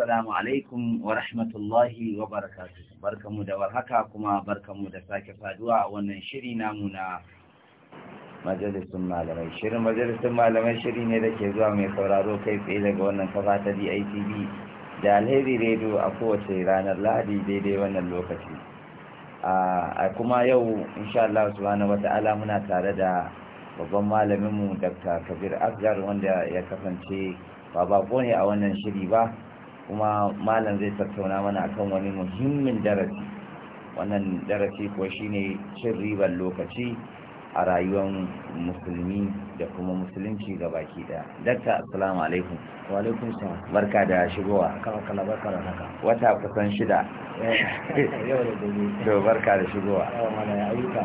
Assalamu alaikum wa rahmatullahi wa barakatu. Barkamu da warhaka kuma barkamu da sake faduwa a wannan shiri namu na majalisun malamai. Shirin majalisun malamai shiri ne da ke zuwa mai sauraro kai tsaye daga wannan kafa ta DITB da alheri radio a kowace ranar Lahadi daidai wannan lokaci. A kuma yau insha Allah subhanahu wata'ala muna tare da babban malaminmu Dr. Kabir Asgar wanda ya kasance ba bako ne a wannan shiri ba kuma malam zai tattauna mana akan wani muhimmin darasi wannan darasi ko shine cin ribar lokaci a rayuwar musulmi da kuma musulunci ga baki daya dakta assalamu alaikum wa alaikum salam barka da shigowa kama kala barka da haka wata kusan shida yau da to barka da shigowa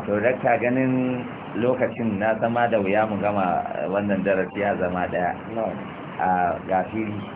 to dakta ganin lokacin na zama da wuya mu gama wannan darasi ya zama daya a gafiri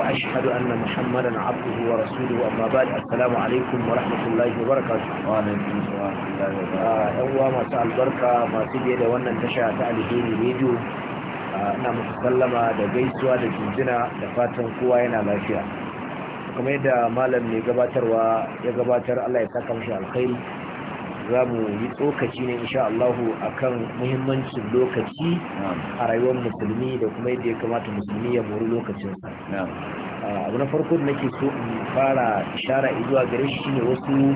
وأشهد أن محمدا عبده ورسوله أما بعد السلام عليكم ورحمة الله وبركاته وعليكم السلام ورحمة الله وبركاته أول ما سأل بركة ما سيدي لوانا انتشأ تأليهيني فيديو ina muku sallama da gaisuwa da jinjina da fatan kowa yana lafiya kamar yadda malam mai gabatarwa ya gabatar Allah ya saka mashi alkhairi za mu yi tsokaci ne insha Allahu kan muhimmancin lokaci a rayuwar musulmi da kuma yadda ya kamata musulmi ya mori lokacinsa ah, abu na farko da nake so in fara ishara izuwa gare shi shine wasu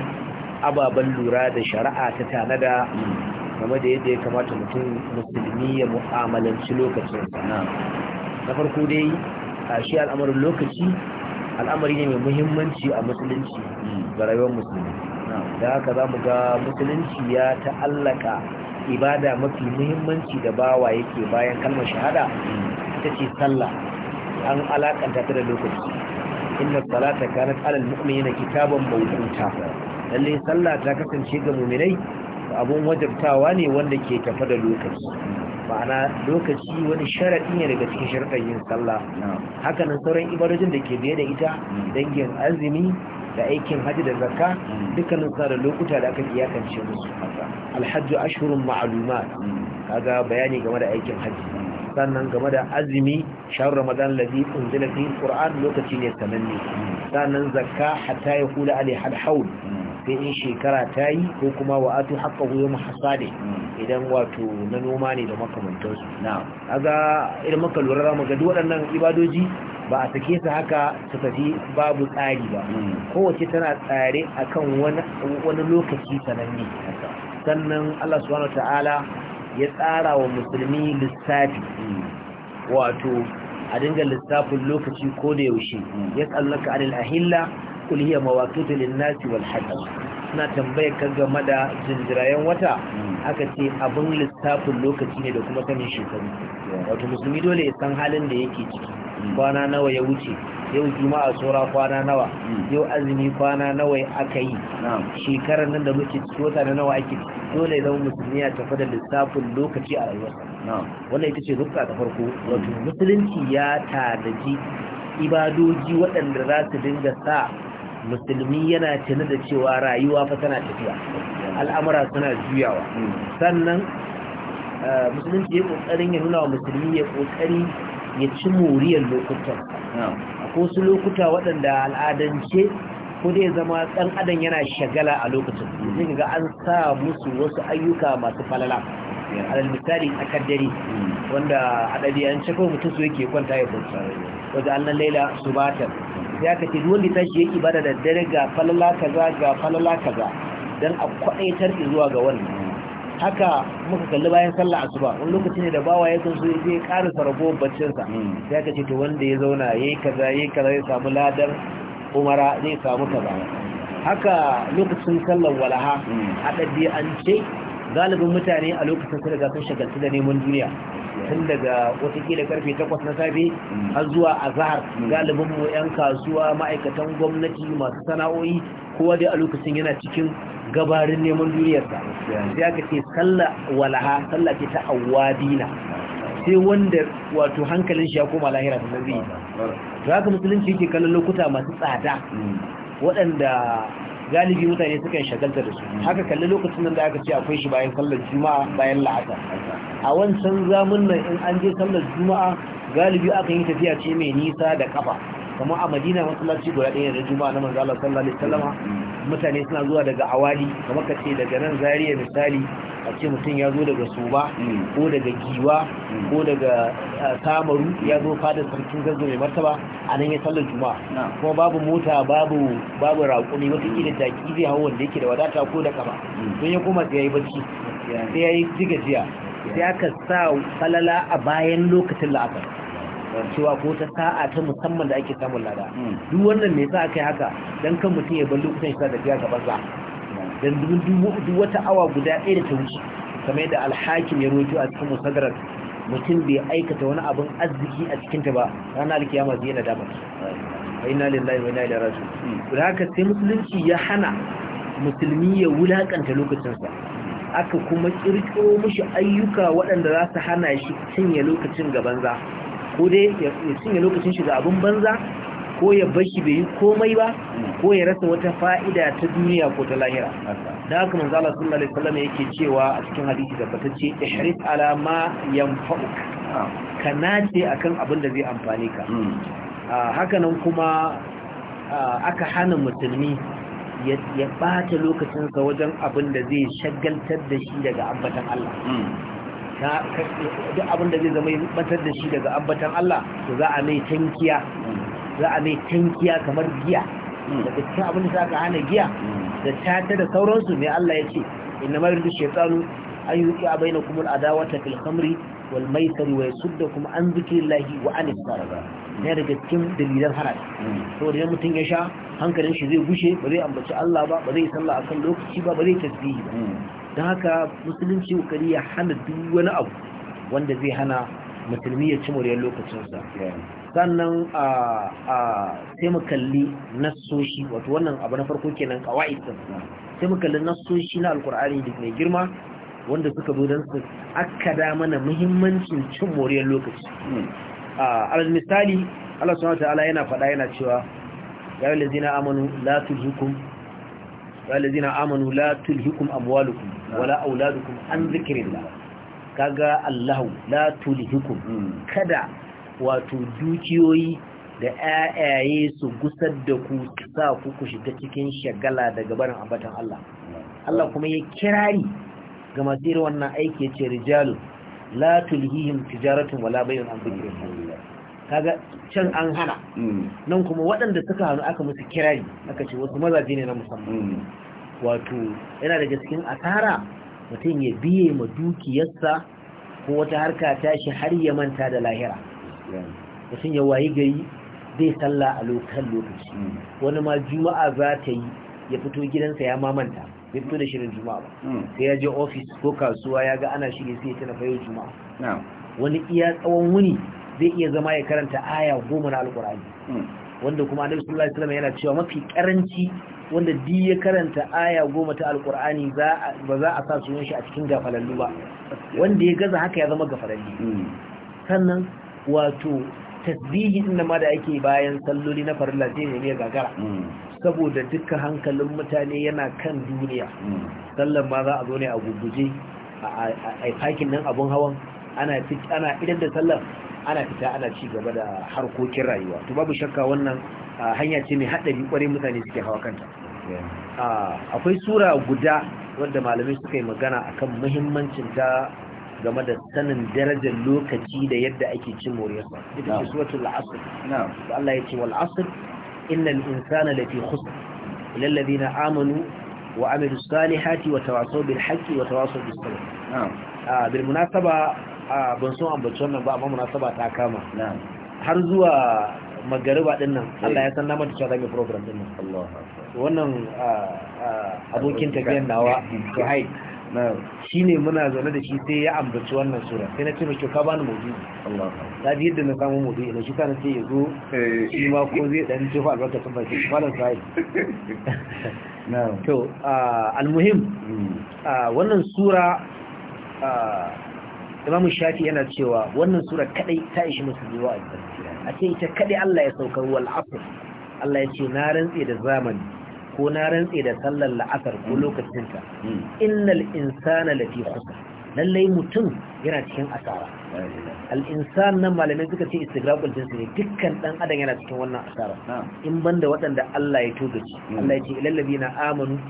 ababen lura da shari'a ta da game da yadda ya kamata mutum musulmi ya mu'amalanci lokacinsa na farko dai a ah, shi al'amarin lokaci al'amari ne mai muhimmanci a musulunci hmm. ga rayuwar musulmi da haka za mu ga musulunci ya ta'allaka ibada mafi muhimmanci da bawa yake bayan kalmar shahada ita ce sallah an alakanta ta da lokaci inna salata kanat alal mu'minina kitaban mawquta lalle sallah ta kasance ga mu'minai abun wajibtawa ne wanda ke tafa da lokaci ma'ana lokaci wani sharaɗi ne daga cikin sharadin yin sallah nan sauran ibadojin da ke biye da ita mm. dangin azumi da aikin Hajji da zakka hmm. dukkanin sa da lokuta da aka iyakance musu alhajju ashhurun ma'aluma hmm. kaga bayani game da aikin Hajji? Hmm. sannan game da azumi shahar ramadan ladhi unzila fihi alquran lokaci ne sananne sannan zakka hatta yaqula alaihi alhaul in shekara ta yi ko kuma wa atu haƙa goyon hasade idan wato na noma ne da makamantarsu aga idan maka lura za ga waɗannan ibadoji ba a sake su haka su tafi babu tsari ba hmm. kowace tana tsare akan wani lokaci sananne sannan Allah subhanahu ta'ala ya tsara wa musulmi lissafi hmm. wato a dinga lissafin lokaci ko da yaushe hmm. ya tsallaka anil ahilla kul hiya mawaqitu lin-nas wal-hajj suna tambayar ka game da jinjirayen wata hmm. aka ce abin lissafin lokaci ne da kuma sanin shekaru wato musulmi dole ya san halin da yake ciki hmm. kwana nawa ya wuce yau juma'a tsora kwana nawa hmm. yau azumi kwana nawa aka yi shekarar nan da muke ciki wata na nawa ake dole zama musulmi ya tafi da lissafin lokaci a rayuwarsa wannan ita ce rukka ta farko wato musulunci ya tanaji ibadoji waɗanda za su dinga sa musulmi yana tuni da cewa rayuwa fa tana tafiya al'amura suna juyawa sannan eh, musulunci ya kokarin ya nuna wa musulmi ya kokari ya ci moriyar lokutan ko wasu lokuta waɗanda al'adance ko dai zama ɗan adam yana shagala a lokacin zai ga an sa musu wasu ayyuka masu falala a misali tsakar hmm. wanda a ɗabi'ance kawai mutum su yake kwanta ya kwanta wajen annan laila su batar ya aka ce duwanda ta shi yake bada daddare ga falala kaza ga falala kaza don a kwaɗaitar zuwa ga wannan haka muka kalli bayan sallah asuba wani lokaci ne da bawa ya kan so ya je ƙara sarbo baccinsa sai to wanda ya zauna ya yi kaza ya yi kaza ya samu ladar umara zai samu kaza haka lokacin sallar walaha a ɗabi'ance galibin mutane a lokacin su daga sun shagaltu da neman duniya tun daga watakila karfe 8 na safe har zuwa a azahar galibin mu 'yan kasuwa ma'aikatan gwamnati masu sana'o'i kowa dai a lokacin yana cikin gabarin neman duniyarsa sai aka ce sallah walaha sallah ce ta awadina sai wanda wato hankalin shi ya koma lahira sannan zai yi haka musulunci yake kallon lokuta masu tsada waɗanda galibi mutane sukan shagalta da su haka kalli lokacin nan da aka ce akwai shi bayan sallar juma'a bayan la'ata a wancan zamun nan in an je sallar juma'a galibi aka yi tafiya ce mai nisa da kafa kamar a madina masallaci guda ɗaya da juma'a na manzo sallar sallallahu alaihi mutane suna zuwa daga awali kamar ka ce daga nan zariya misali a ce mutum ya zo daga soba mm. ko daga giwa mm. ko daga samaru eh, ya zo fada sarkin gaggo mai martaba a nan ya sallar juma'a kuma babu mota babu babu raƙumi wataƙila taƙi zai hau wanda yake da wadata ko da kama mm. don ya koma sai ya yi bacci sai ya yi jigajiya sai aka sa falala a bayan lokacin la'akari cewa ko ta sa'a ta musamman da ake samun lada hmm. duk wannan me sa aka yi haka dan kan mutum ya bar lokacin shi da biya gaba za dan duk wata awa guda ɗaya da ta wuce kamar yadda alhakin ya rojo a cikin musadarar mutum bai aikata wani abin arziki a cikinta ba ranar kiyama zai yana damar wa lillahi wa ina ilaihi raji'un hmm. haka sai musulunci ya hana musulmi ya wulakanta lokacinsa aka kuma kirkiro mishi ayyuka waɗanda za su hana shi cinye lokacin gaban za ko dai ya cinye lokacin shi ga abin banza ko ya bashi bai yi komai ba ko ya rasa wata fa'ida ta duniya ko ta lahira da haka manzo Allah sallallahu alaihi wasallam yake cewa a cikin hadisi da fatacce ihris ala ma yanfa'u ka nace akan abin da zai amfane ka hmm. haka nan kuma aka hana musulmi ya bata lokacinsa wajen abin da zai shagaltar da shi daga abbatan Allah hmm. na duk abin da zai zama ya batar da shi daga ambatan Allah to za a mai tankiya za a mai tankiya kamar giya daga cikin abin da za ka hana giya da tata da sauransu mai Allah ya ce inna rindu shekaru an yi a bayan kuma adawata ta khamri wal wai wa da kuma an lahi wa an ne daga cikin dalilan haram saboda ya mutum ya sha hankalin shi zai gushe ba zai ambaci Allah ba ba zai sallah akan lokaci ba ba zai tasbihi ba don haka musulunci kokari ya hana duk wani abu wanda zai hana musulmi ya ci muryar lokacinsa sannan a sai mu kalli nassoshi wato wannan abu na farko kenan kawai sai mu kalli nassoshi na alkur'ani da mai girma wanda suka zo don su da mana muhimmancin cin moriyar lokaci alal misali Allah subhanahu ta'ala yana faɗa yana cewa ya yi lazina amanu la tulhikum ya lazina amanu la tulhikum amwalukum wala auladukum an zikirillah kaga Allahu la tulhikum hmm. kada wato dukiyoyi da ayaye su gusar da ku sa ku ku shiga cikin shagala daga barin ambatan Allah Allah kuma ya kirari ga masu wannan aiki ya ce rijalu la tulhihim tijaratun wala bayan an zikirillah kaga can an hana hmm. nan kuma waɗanda suka hanu aka musu kirari aka ce wasu mazaje ne na musamman hmm. wato yana daga cikin asara mutum ya biye ma dukiyarsa ko wata harka ta shi har ya manta da lahira mutum ya wayi gari zai sallah a lokacin lokaci wani ma juma'a za ta yi ya fito gidansa ya mamanta ya fito da shirin juma'a ba hmm. sai ya je ofis ko kasuwa ya ga ana shirin sai ya tana fayo juma'a wani iya tsawon wuni zai iya zama ya karanta aya goma na alkur'ani hmm. wanda kuma annabi sallallahu alaihi yana cewa mafi karanci wanda di ya karanta aya goma ta alkur'ani ba za a sa sunan shi a cikin gafalallu ba wanda ya gaza haka ya zama gafalalli sannan wato tasbihi din ma da ake bayan salloli na farilla sai ne gagara saboda dukkan hankalin mutane yana kan duniya sallan ma za a zo ne a guguje a aikin nan abun hawan ana idan da sallar ana fita ana ci gaba da harkokin rayuwa to babu shakka wannan ah, hanya ce mai haɗari kwarai mutane suke hawa kanta ah, akwai sura guda wadda malamai suka yi magana akan muhimmancin ta game da sanin darajar lokaci da yadda ake cin moriyarsa ita ce suratul asr da Allah ya ce wal asr innal insana lafi khusr illa alladhina amanu wa amilus salihati wa tawasaw bil haqqi wa tawasaw bis sabr ah, bil munasaba a ban so ambaci wannan ba amma munasaba ta kama har zuwa magariba din nan eh. Allah ya san namar cewa zai program din nan wannan abokin tafiyar nawa Suhaib shi ne muna zaune da shi sai ya ambaci wannan sura sai na ce mai ka bani Allah ta ji yadda na samu maudu'i na shi ka na ce ya zo eh. shi ma ko zai dan ce fa albarka sun bai shi malam sai to almuhim hmm. wannan sura imamu shafi yana cewa wannan sura kadai ta ishi musulmi zuwa a ce ita kadai Allah ya saukar wal asr Allah ya ce na rantse da zamani ko na rantse da sallar la'asar ko lokacin ta innal insana lafi khusr lallai mutum yana cikin asara al insan nan malamai suka ce istigraqul jinsi ne dukkan dan adam yana cikin wannan asara in banda waɗanda Allah ya togaci hmm. Allah ya ce lallabi na amanu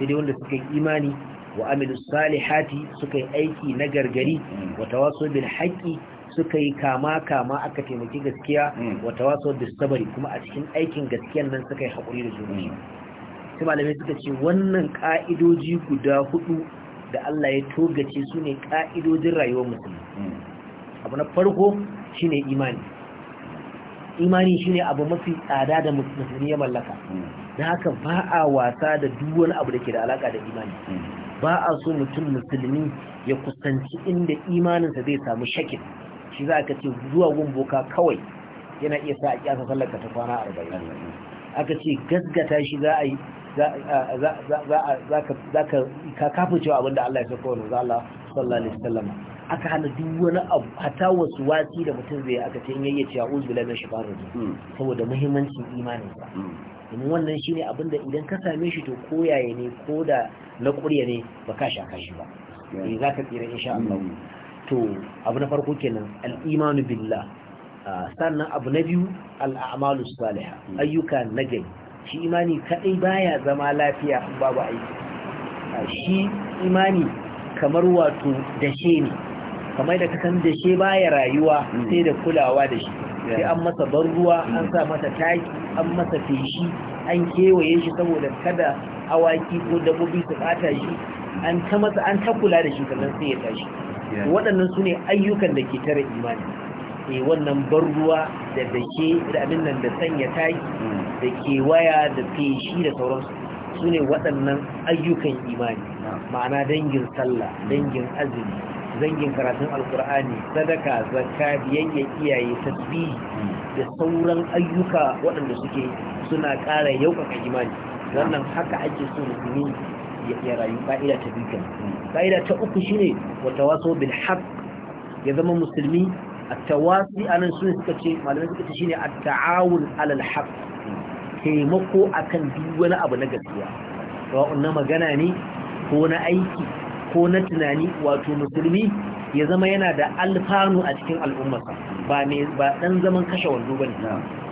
sai dai wanda suka yi imani wa amilu salihati suka yi aiki na gargari wa tawaso bil haqqi suka yi kama kama aka taimaki gaskiya mm. wa tawaso bil sabri kuma a cikin aikin gaskiyan nan suka yi hakuri da juna mm. sai malamai suka ce wannan ka'idoji guda hudu da Allah ya togace su ne ka'idojin rayuwar musulmi mm. abu na farko shine imani imani shine abu mafi tsada da musulmi ya mallaka da haka ba a wasa da duk wani abu da ke da alaka da imani ba a so mutum musulmi ya kusanci inda imaninsa zai samu shakin shi za ka ce zuwa gumboka kawai yana iya sa a kyasa sallaka ta kwana arba'in aka ce gasgata shi za a yi za ka kafa cewa abinda Allah ya sa wani za Allah sallallahu alaihi wasallam aka hana duk wani abu hata wasu wasi da mutum zai aka ce in yayyace a uzbila na shifarar saboda muhimmancin imaninsa hmm. domin wannan shi ne da idan ka same shi to koyaye ne ko da na ƙurya ne ba ka sha shi ba eh, za ka tsira insha Allah mm. to abu na farko kenan al billah ah, sannan abu na biyu Al'amalu Saliha salihah mm. ayyuka nagari shi imani kadai baya zama lafiya babu aiki ah, shi imani kamar wato dashe ne kamar da kasan dashe baya rayuwa mm. sai da kulawa da shi sai an masa ban ruwa an sa masa taki an masa feshi an kewaye shi saboda kada awaki ko dabbobi su bata shi an ta masa an ta kula da shi sannan sai ya tashi waɗannan su ne ayyukan da ke tara imani e wannan ban ruwa da dake da abin nan da sanya taki da waya da feshi da sauransu su ne waɗannan ayyukan imani ma'ana dangin sallah dangin azumi zangin karatun alkur'ani sadaka zakka biyayya iyaye tasbihi da sauran ayyuka waɗanda suke suna ƙara yaukaka imani wannan haka ake so musulmi ya rayu ƙa'ida ta biyu ƙa'ida ta uku shine wata tawaso bil haqq ya zama musulmi a tawasi a nan suna suka ce malamai suka ce shine a taawun alal haqq taimako akan duk wani abu na gaskiya wa'un na magana ne ko na aiki ko na tunani wato musulmi ya zama yana da alfanu a cikin al'ummarsa ba ɗan zaman kashe wando ba ne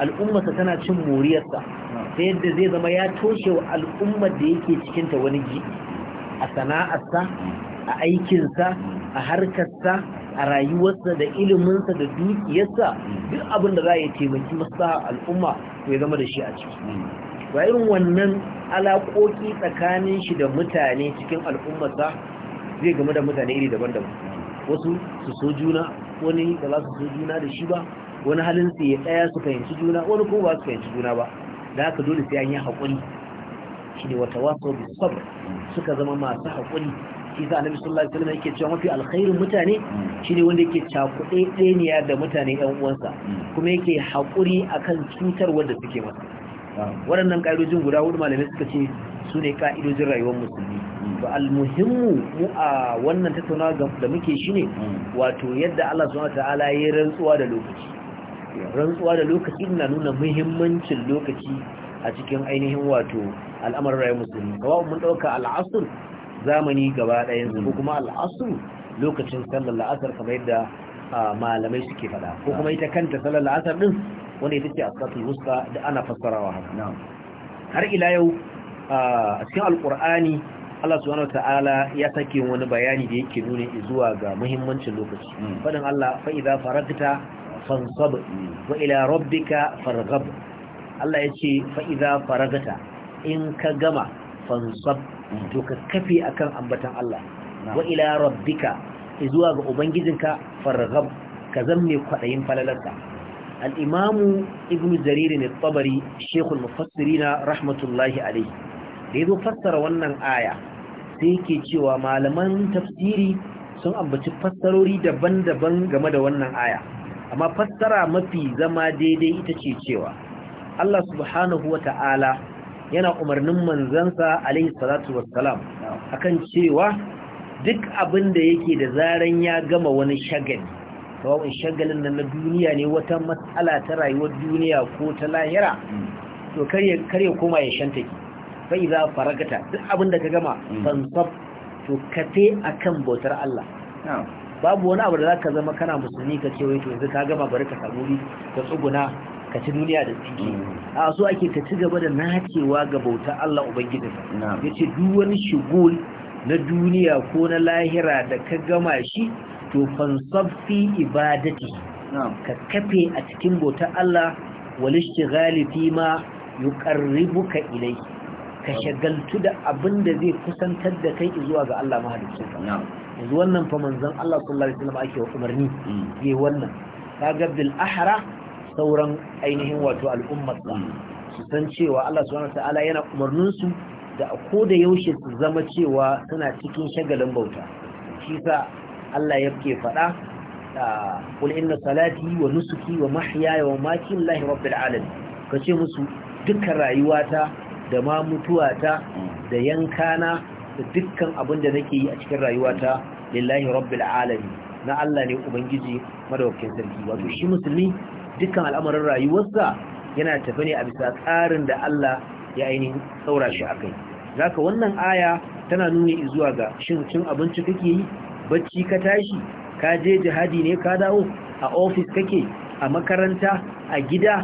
al'ummarsa tana cin moriyarsa ta yadda zai zama ya toshe wa al'ummar da yake cikinta wani ji a sana'arsa a aikinsa a harkarsa a rayuwarsa da iliminsa da dukiyarsa duk abin da za a taimaki masa al'umma ya zama da shi a ciki ba irin wannan alaƙoƙi tsakanin shi da mutane cikin al'ummarsa zai game da mutane iri daban-daban wasu su so juna wani ba za su so juna da shi ba wani halin su ya tsaya su fahimci juna wani kuma ba su fahimci juna ba da haka dole sai an yi haƙuri shi ne wata wasu bi sabr suka zama masu haƙuri shi sa annabi sallallahu alaihi wasallam yake cewa mafi alkhairin mutane shine wanda yake cakuɗe ɗaniya da mutane yan uwansa kuma yake haƙuri akan cutar wanda suke masa waɗannan ƙa'idojin guda hudu malamai suka ce su ne ƙa'idojin rayuwar musulmi to almuhimmu mu a wannan tattaunawa da muke shine wato yadda Allah subhanahu ta'ala ya rantsuwa da lokaci rantsuwa da lokaci na nuna muhimmancin lokaci a cikin ainihin wato al'amarin rayuwar musulmi kawai mun ɗauka al'asur zamani gaba ɗayan ko kuma al'asr lokacin sallar la'asar kamar yadda malamai suke fada ko kuma ita kanta salar la'asar din wanda ita ce asbatul wusta da ana fassarawa haka har ila yau a cikin alkur'ani Allah subhanahu ta'ala ya sake wani bayani da yake nuna zuwa ga muhimmancin lokaci hmm. fadin Allah fa'iza idza faragta fansab wa ila rabbika farghab Allah ya ce fa'iza faragta in ka gama fansab hmm. to ka kafi akan ambatan Allah wa ila rabbika zuwa ga ubangijinka farghab ka zamme kwadayin falalarka al-imamu ibnu jarir ne tabari shaykhul mufassirina rahmatullahi alayhi da yazo fassara wannan aya sai yake cewa malaman tafsiri sun ambaci fassarori daban-daban game da wannan aya amma fassara mafi zama daidai ita ce cewa Allah subhanahu wata'ala yana umarnin manzansa alaihi salatu wassalam akan cewa duk abin da yake da zaran ya gama wani shagali sawa'un shagalin nan na duniya ne wata matsala ta rayuwar duniya ko ta lahira to kar ya koma ya shanta ki sai za faragata duk abin da ka gama mm. fansab to ka te akan bautar Allah babu wani abu da zaka zama kana musulmi ka ce wai to yanzu ka gama bari ka samu ri ka tsuguna ka ci duniya da tsiki mm. a so ake ka ci gaba da nacewa ga bautar Allah ubangiji yace duk wani shugul na duniya ko na lahira da ka gama shi to fansaffi ibadati ka kafe a cikin bota Allah walishtighali galifi ma yuqarribuka ilai ka shagaltu da abin da zai kusantar da kai zuwa ga Allah mahalicci yanzu wannan fa manzon Allah sallallahu alaihi wasallam ake umarni mm. yayi wannan kaga bil ahra sauran ainihin wato al'ummar mm. su san cewa Allah subhanahu wa ta'ala yana umarninsu. da ko da yaushe su zama cewa suna cikin shagalin bauta shi sa Allah ya ke faɗa kula ah, inna salati wa nusuki wa mahyaya wa mati lillahi rabbil alamin kace musu dukkan rayuwata da ma mutuwata da yankana da dukkan abin da nake yi a cikin rayuwata lillahi rabbil alamin na Allah ne ubangiji madaukakin sarki wato shi musulmi dukkan al'amarin rayuwarsa yana tafi ne a bisa tsarin da Allah ya ainihin saura shi a kai zaka wannan aya tana nuni zuwa ga shin cin abinci kake yi bacci ka tashi ka je jihadi ne ka dawo a ofis kake a makaranta a gida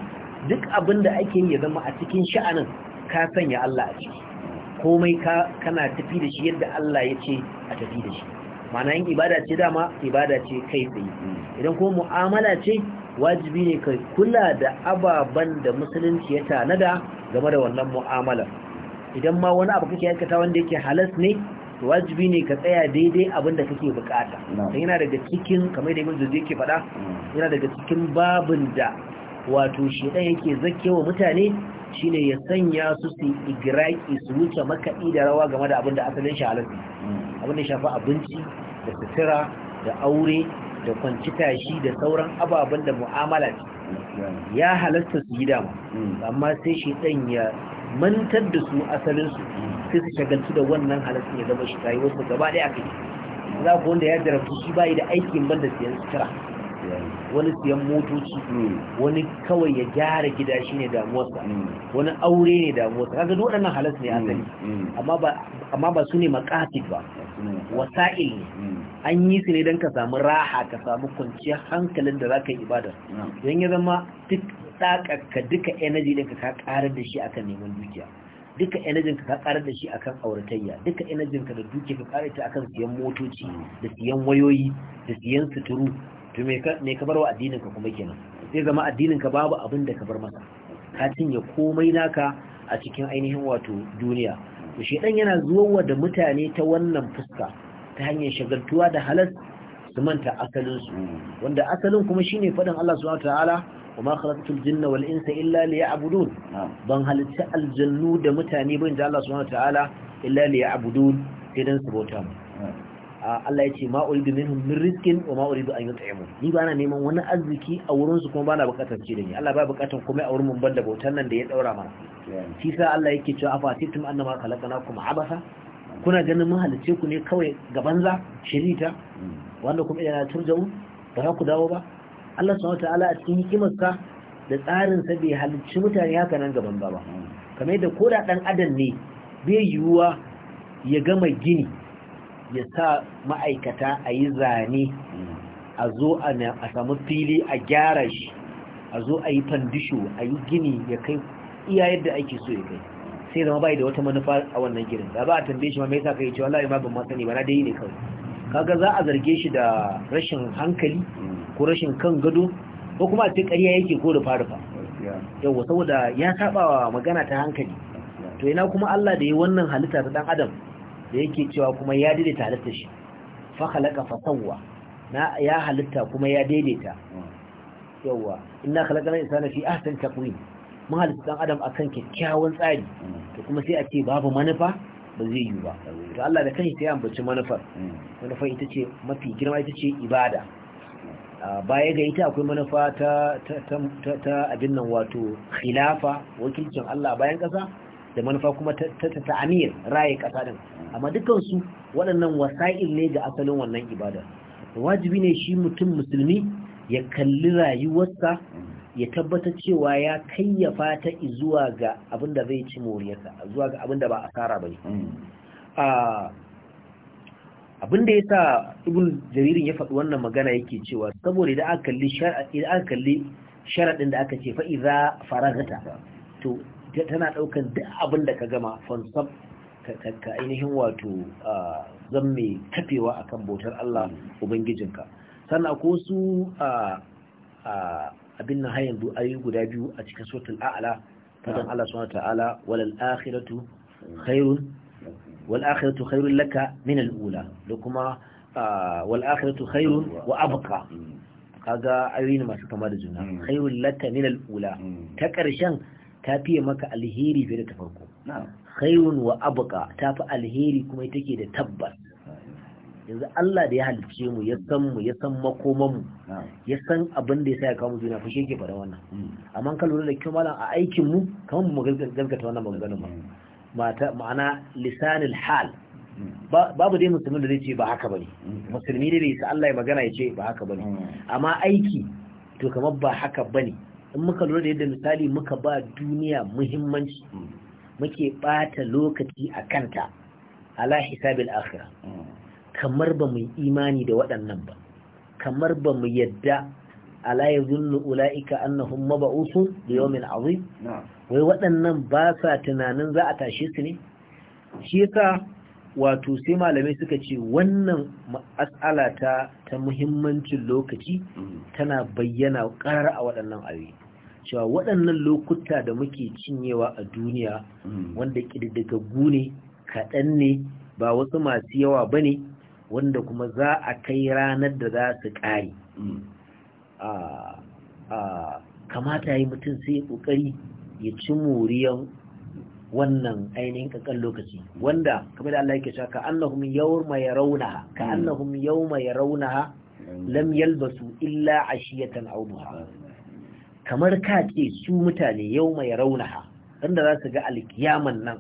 duk abin da ake yi ya zama a cikin sha'anin ka sanya Allah a ciki komai ka kana tafi da shi yadda Allah ya ce a tafi da shi Mana yin ibada ce dama ibada ce kai tsaye idan ko mu'amala ce wajibi ne ka kula da ababen da musulunci ya tanada game da wannan mu'amala idan ma wani abu kake aikata wanda yake halas ne wajibi ne ka tsaya daidai abin da kake bukata sai yana daga cikin kamar da ibn zuzi yake faɗa mm. yana daga cikin babin da wato shedan yake zakkewa mutane shine ya sanya su su igraki su wuce maka da rawa game da abin da asalin shi halas ne. Mm. abin da shafa abinci da sutura da aure da kwanci tashi da sauran ababen da mu'amala ya halasta su yi dama mm. amma sai shi ɗan ya mantar da su asalinsu sai su shagaltu da wannan halittun ya zama shi wasu gaba ɗaya kai za ku wanda ya jarabtu shi bayi da aikin banda siyan sutura wani siyan motoci wani kawai ya gyara gida shi ne damuwarsa wani aure ne damuwarsa kaga duk wannan halas ne asali amma ba su ne makasik ba wasa'il ne an yi su ne don ka samu raha ka samu kwanciyar hankalin da za ka yi ibada don ya zama duk ka duka energy din ka ƙarar da shi akan neman dukiya duka energy ka karar da shi akan auratayya duka energy ka da dukiya ka ƙarar ta akan siyan motoci da siyan wayoyi da siyan suturu to me ka me ka bar wa addinin ka kuma kenan sai zama addinin ka babu abin da ka bar masa ka cinye komai naka a cikin ainihin wato duniya to shedan yana zuwa da mutane ta wannan fuska ta hanyar shagaltuwa da halas su manta asalin su mm. wanda asalin kuma shine faɗin Allah subhanahu wa ta'ala وما خلقت الجن والإنس إلا ليعبدون بان هل تسأل جنو دا متاني بين الله سبحانه وتعالى إلا ليعبدون سيدان سبوتام Allah ya ce ma uridu minhum min rizqin wa ma uridu an yut'imun ni ba na neman wani arziki a wurinsu kuma ba na bukatar ci da ni Allah ba bukatar kuma a wurin mun da bautan nan da ya daura mana shi sa Allah yake cewa afa tun annama kuma abasa kuna ganin mun halice ku ne kawai ga banza shirita wanda kuma yana turja'u ba za ku dawo ba Allah subhanahu wataala a cikin hikimarsa da tsarin sa bai halicci mutane haka nan gaban ba kamar da ko da dan adam ne bai yiwuwa ya gama gini ya sa ma'aikata a yi zane a zo a samu fili a gyara shi a zo a yi fandisho a yi gini ya kai iya yadda ake so ya kai sai zama bai da wata manufa a wannan girin da ba a tambaye shi ma mai sa kai cewa la'ayi ma ban ma sani ba na dai ne kawai kaga za a zarge shi da rashin hankali ko rashin kan gado ko kuma a ƙarya yake ko rufa rufa yawa saboda ya saba wa magana ta hankali to ina kuma Allah da ya wannan halitta ta dan adam da yake cewa kuma ya daidaita halitta shi fa khalaqa fa sawwa na ya halitta kuma ya daidaita yawa inna khalaqana insana fi ahsani taqwim mahalitta dan adam akan kyakkyawan tsari to kuma sai a ce babu manufa ba zai yi ba to Allah da kai sai ambaci manufar manufar ita ce mafi girma ita ce ibada baya ga ita akwai manufa ta abin nan wato khilafa wakilcin Allah bayan kasa da manufa kuma ta ta'amir raye kasa din amma dukansu waɗannan wasa'il ne ga asalin wannan ibada wajibi ne shi mutum musulmi ya kalli rayuwarsa ya tabbatar cewa ya kayyafa ta zuwa ga abin da zai ci moriyarsa zuwa ga abin da ba asara bane mm. abin da sa ibn jaririn ya faɗi wannan magana yake cewa saboda idan aka kalli idan aka da aka ce fa idza faragata to tana daukan duk abin ka gama fansab ka ainihin wato zan mai kafewa akan bautar Allah mm. ubangijinka sannan akwai su abin na hayan yanzu ayoyi guda biyu a cikin suratul a'la fadan Allah subhanahu ta'ala walal akhiratu khairun wal akhiratu khairul laka min al'ula da kuma wal akhiratu khairun wa abqa kaga ayoyi ne masu kama da juna hmm. khairul laka min al'ula hmm. ta karshen ta fiye maka alheri fiye da ta farko khairun wa abqa ta fi alheri kuma take da tabbas yanzu Allah da ya halicce mu ya san mu ya san makoman mu ya san abin da ya sa ya kawo juna fushi yake fara wannan mm. amma kan lura da kyau a aikin mu kamar mu gaskata wannan maganganun ba mm. mata ma'ana lisanul hal mm. babu dai musulmin da zai ce ba haka bane musulmi ne bai sa Allah ya magana ya ce ba haka bane amma aiki to kamar ba haka bane in muka lura da yadda misali muka ba duniya muhimmanci muke bata lokaci a kanta ala hisabil akhirah kamar ba mu imani da waɗannan ba kamar ba mu yadda ala zunnu ulaika annahum mab'usun li yawmin azim wai waɗannan ba sa tunanin za a tashe su ne shi yasa wato sai malamai suka ce wannan mas'ala ta ta muhimmancin lokaci mm. tana bayyana ƙarar a waɗannan ayoyi cewa waɗannan lokuta da muke cinyewa a duniya mm. wanda ƙididdigaggu ne kaɗan ne ba wasu masu yawa ba ne wanda kuma za a kai ranar da za su ƙare hmm. kamata ya yi mutum sai ƙoƙari ya ci moriyan wannan ainihin kakan lokaci wanda kamar da Allah yake sha ka annahum yawma yarawnaha ka hmm. annahum yawma yarawnaha hmm. lam yalbasu illa ashiyatan aw duha kamar ka ce su mutane yawma yarawnaha inda za su ga alkiyaman nan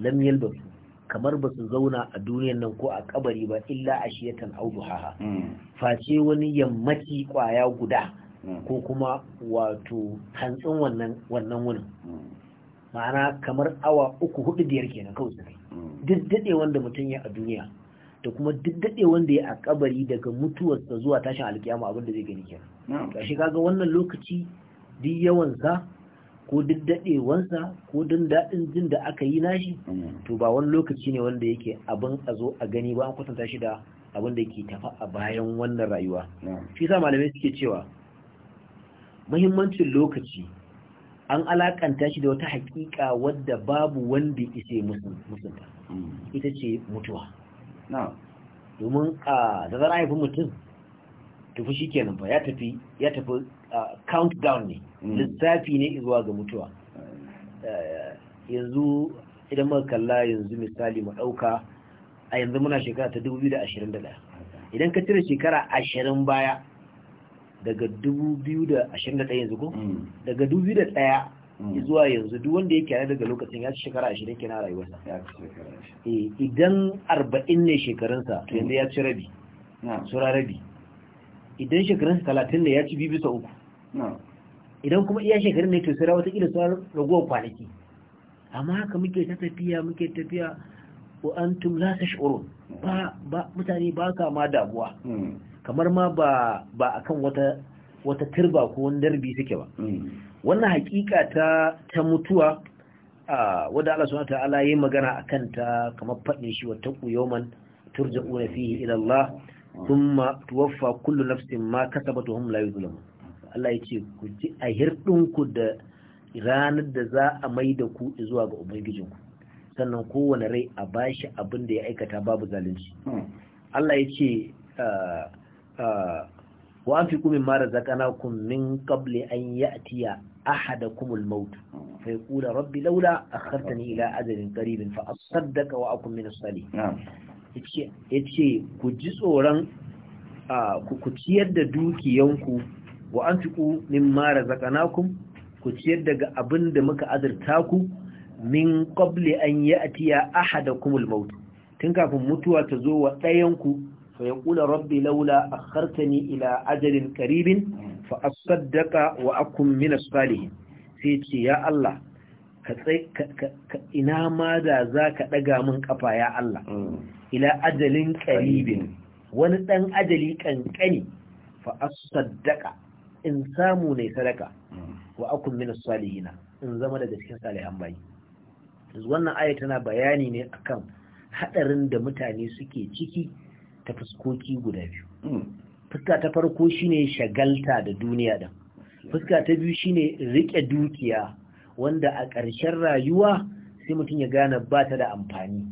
lam yalbasu kamar ba su zauna a duniyan nan ko a kabari ba illa a shiyatan au hmm. face wani yammaci kwaya guda hmm. ko kuma wato hantsin wannan wannan wunin hmm. ma'ana kamar awa uku hudu biyar kenan kawai su duk daɗe wanda mutum ya a duniya da kuma duk daɗe wanda ya a kabari daga mutuwarsa zuwa tashin alkiyama abin da zai gani kenan kashi kaga wannan lokaci duk sa ko duk daɗewansa ko don daɗin jin da aka yi nashi mm. to ba wani lokaci ne wanda yake abin a zo a gani ba an kwatanta shi da abin da ke tafa a bayan wannan rayuwa mm. shi sa malamai suke cewa muhimmancin lokaci an alakanta shi da wata hakika wadda babu wanda ise musunta mm. ita ce mutuwa domin a ah, da haifin mutum tafi shi kenan ba ya tafi countdown ne mm. lissafi ne zuwa ga mutuwa eh, yanzu idan muka kalla yanzu misali mu dauka a yanzu muna shekara ta 2021 idan ka cire shekara 20 baya daga 2021 yanzu ko mm. daga 2001 mm. zuwa yanzu duk wanda yake yana daga lokacin ya ci shekara 20 kenan rayuwarsa eh, idan 40 ne shekarunsa to yanzu ya ci rabi sura rabi idan shekarunsa talatin ne ya ci biyu bisa uku idan kuma iya shekarun ne to sai wata kila sauran ragowar kwanaki amma haka muke ta tafiya muke tafiya wa antum la tash'urun ba ba mutane ba ka ma damuwa hmm. kamar ma ba ba akan wata wata turba ko wani darbi suke ba hmm. wannan hakika ta ta mutuwa wadda Allah subhanahu ta'ala yi magana akan ta kamar fadin shi wa taqu yawman turja'una fihi ila Allah thumma tuwaffa kullu nafsin ma kasabat wa hum la yuzlamun Allah yace ku ji a hirdinku da ranar da za a mai da ku zuwa ga ubangijinku sannan kowane rai a bashi abin da ya aikata babu zalunci Allah yace ah, ah, wa an fi kumin mara zakana kun min kabli an yi atiya ahada kumul mautu fai rabbi laula a kartani ila ajalin karibin fa a saddaka wa akun min ya ce ku ji tsoron ku ciyar da dukiyanku wa an fiku min mara zakanakun ku ciyar daga abin da muka azurta ku min kwable an yi a tiya ahada kumul mautu tun kafin mutuwa ta zo wa ɗayanku fa ya ƙula rabbi laula a hartani ila ajalin karibin fa a saddaka wa akun mina salihin sai ce ya Allah ka ina ma da za ka ɗaga min ƙafa ya Allah mm. ila ajalin qaribin wani ɗan ajali ƙanƙani, fa asaddaka in samu ne sadaka wa akun min salihin in zama daga cikin salihan bayi wannan aya tana bayani ne akan hadarin da mutane suke ciki ta fuskoki guda biyu hmm. fuska ta farko shine shagalta da duniya din fuska ta biyu shine rike dukiya wanda a ƙarshen rayuwa sai mutum ya gane ba ta da amfani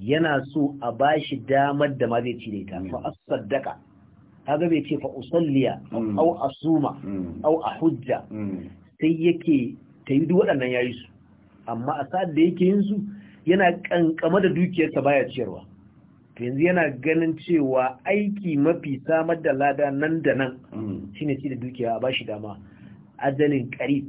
yana so a bashi damar da ma zai ci da ita mm. fa asaddaka kaga bai ce fa usalliya mm. au asuma mm. au ahujja sai yake ta yi duk waɗannan yayi su amma a sa'ad da yake yin su yana kankama da dukiyarsa baya ciyarwa to yanzu yana ganin cewa aiki mafi samar da lada nan da nan shine ci da dukiya a bashi dama ajalin ƙari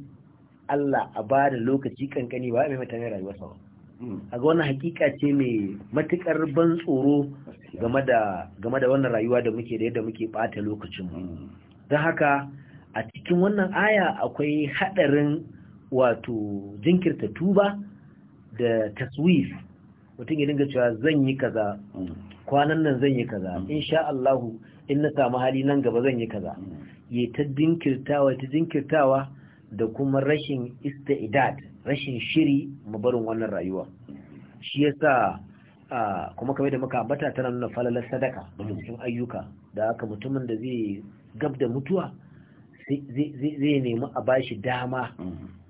Allah a ba da lokaci kankani ba a mai mutane rayuwarsa ba Hmm. a ga wannan hakika ce mai matukar ban tsoro game da wannan rayuwa da muke da yadda muke bata lokacinmu hmm. don haka a cikin wannan aya akwai hadarin wato jinkirta tuba da taswif mutum ya dinga cewa zan yi kaza hmm. kwanan nan zan yi kaza insha Allahu in na samu hali nan gaba zan yi kaza ya ta jinkirtawa da kuma rashin ista'idad rashin shiri mu barin wannan rayuwa shi yasa kuma kamar da muka ambata tana nuna falalar sadaka daga cikin ayyuka da haka mutumin da zai gab da mutuwa zai nemi a bashi dama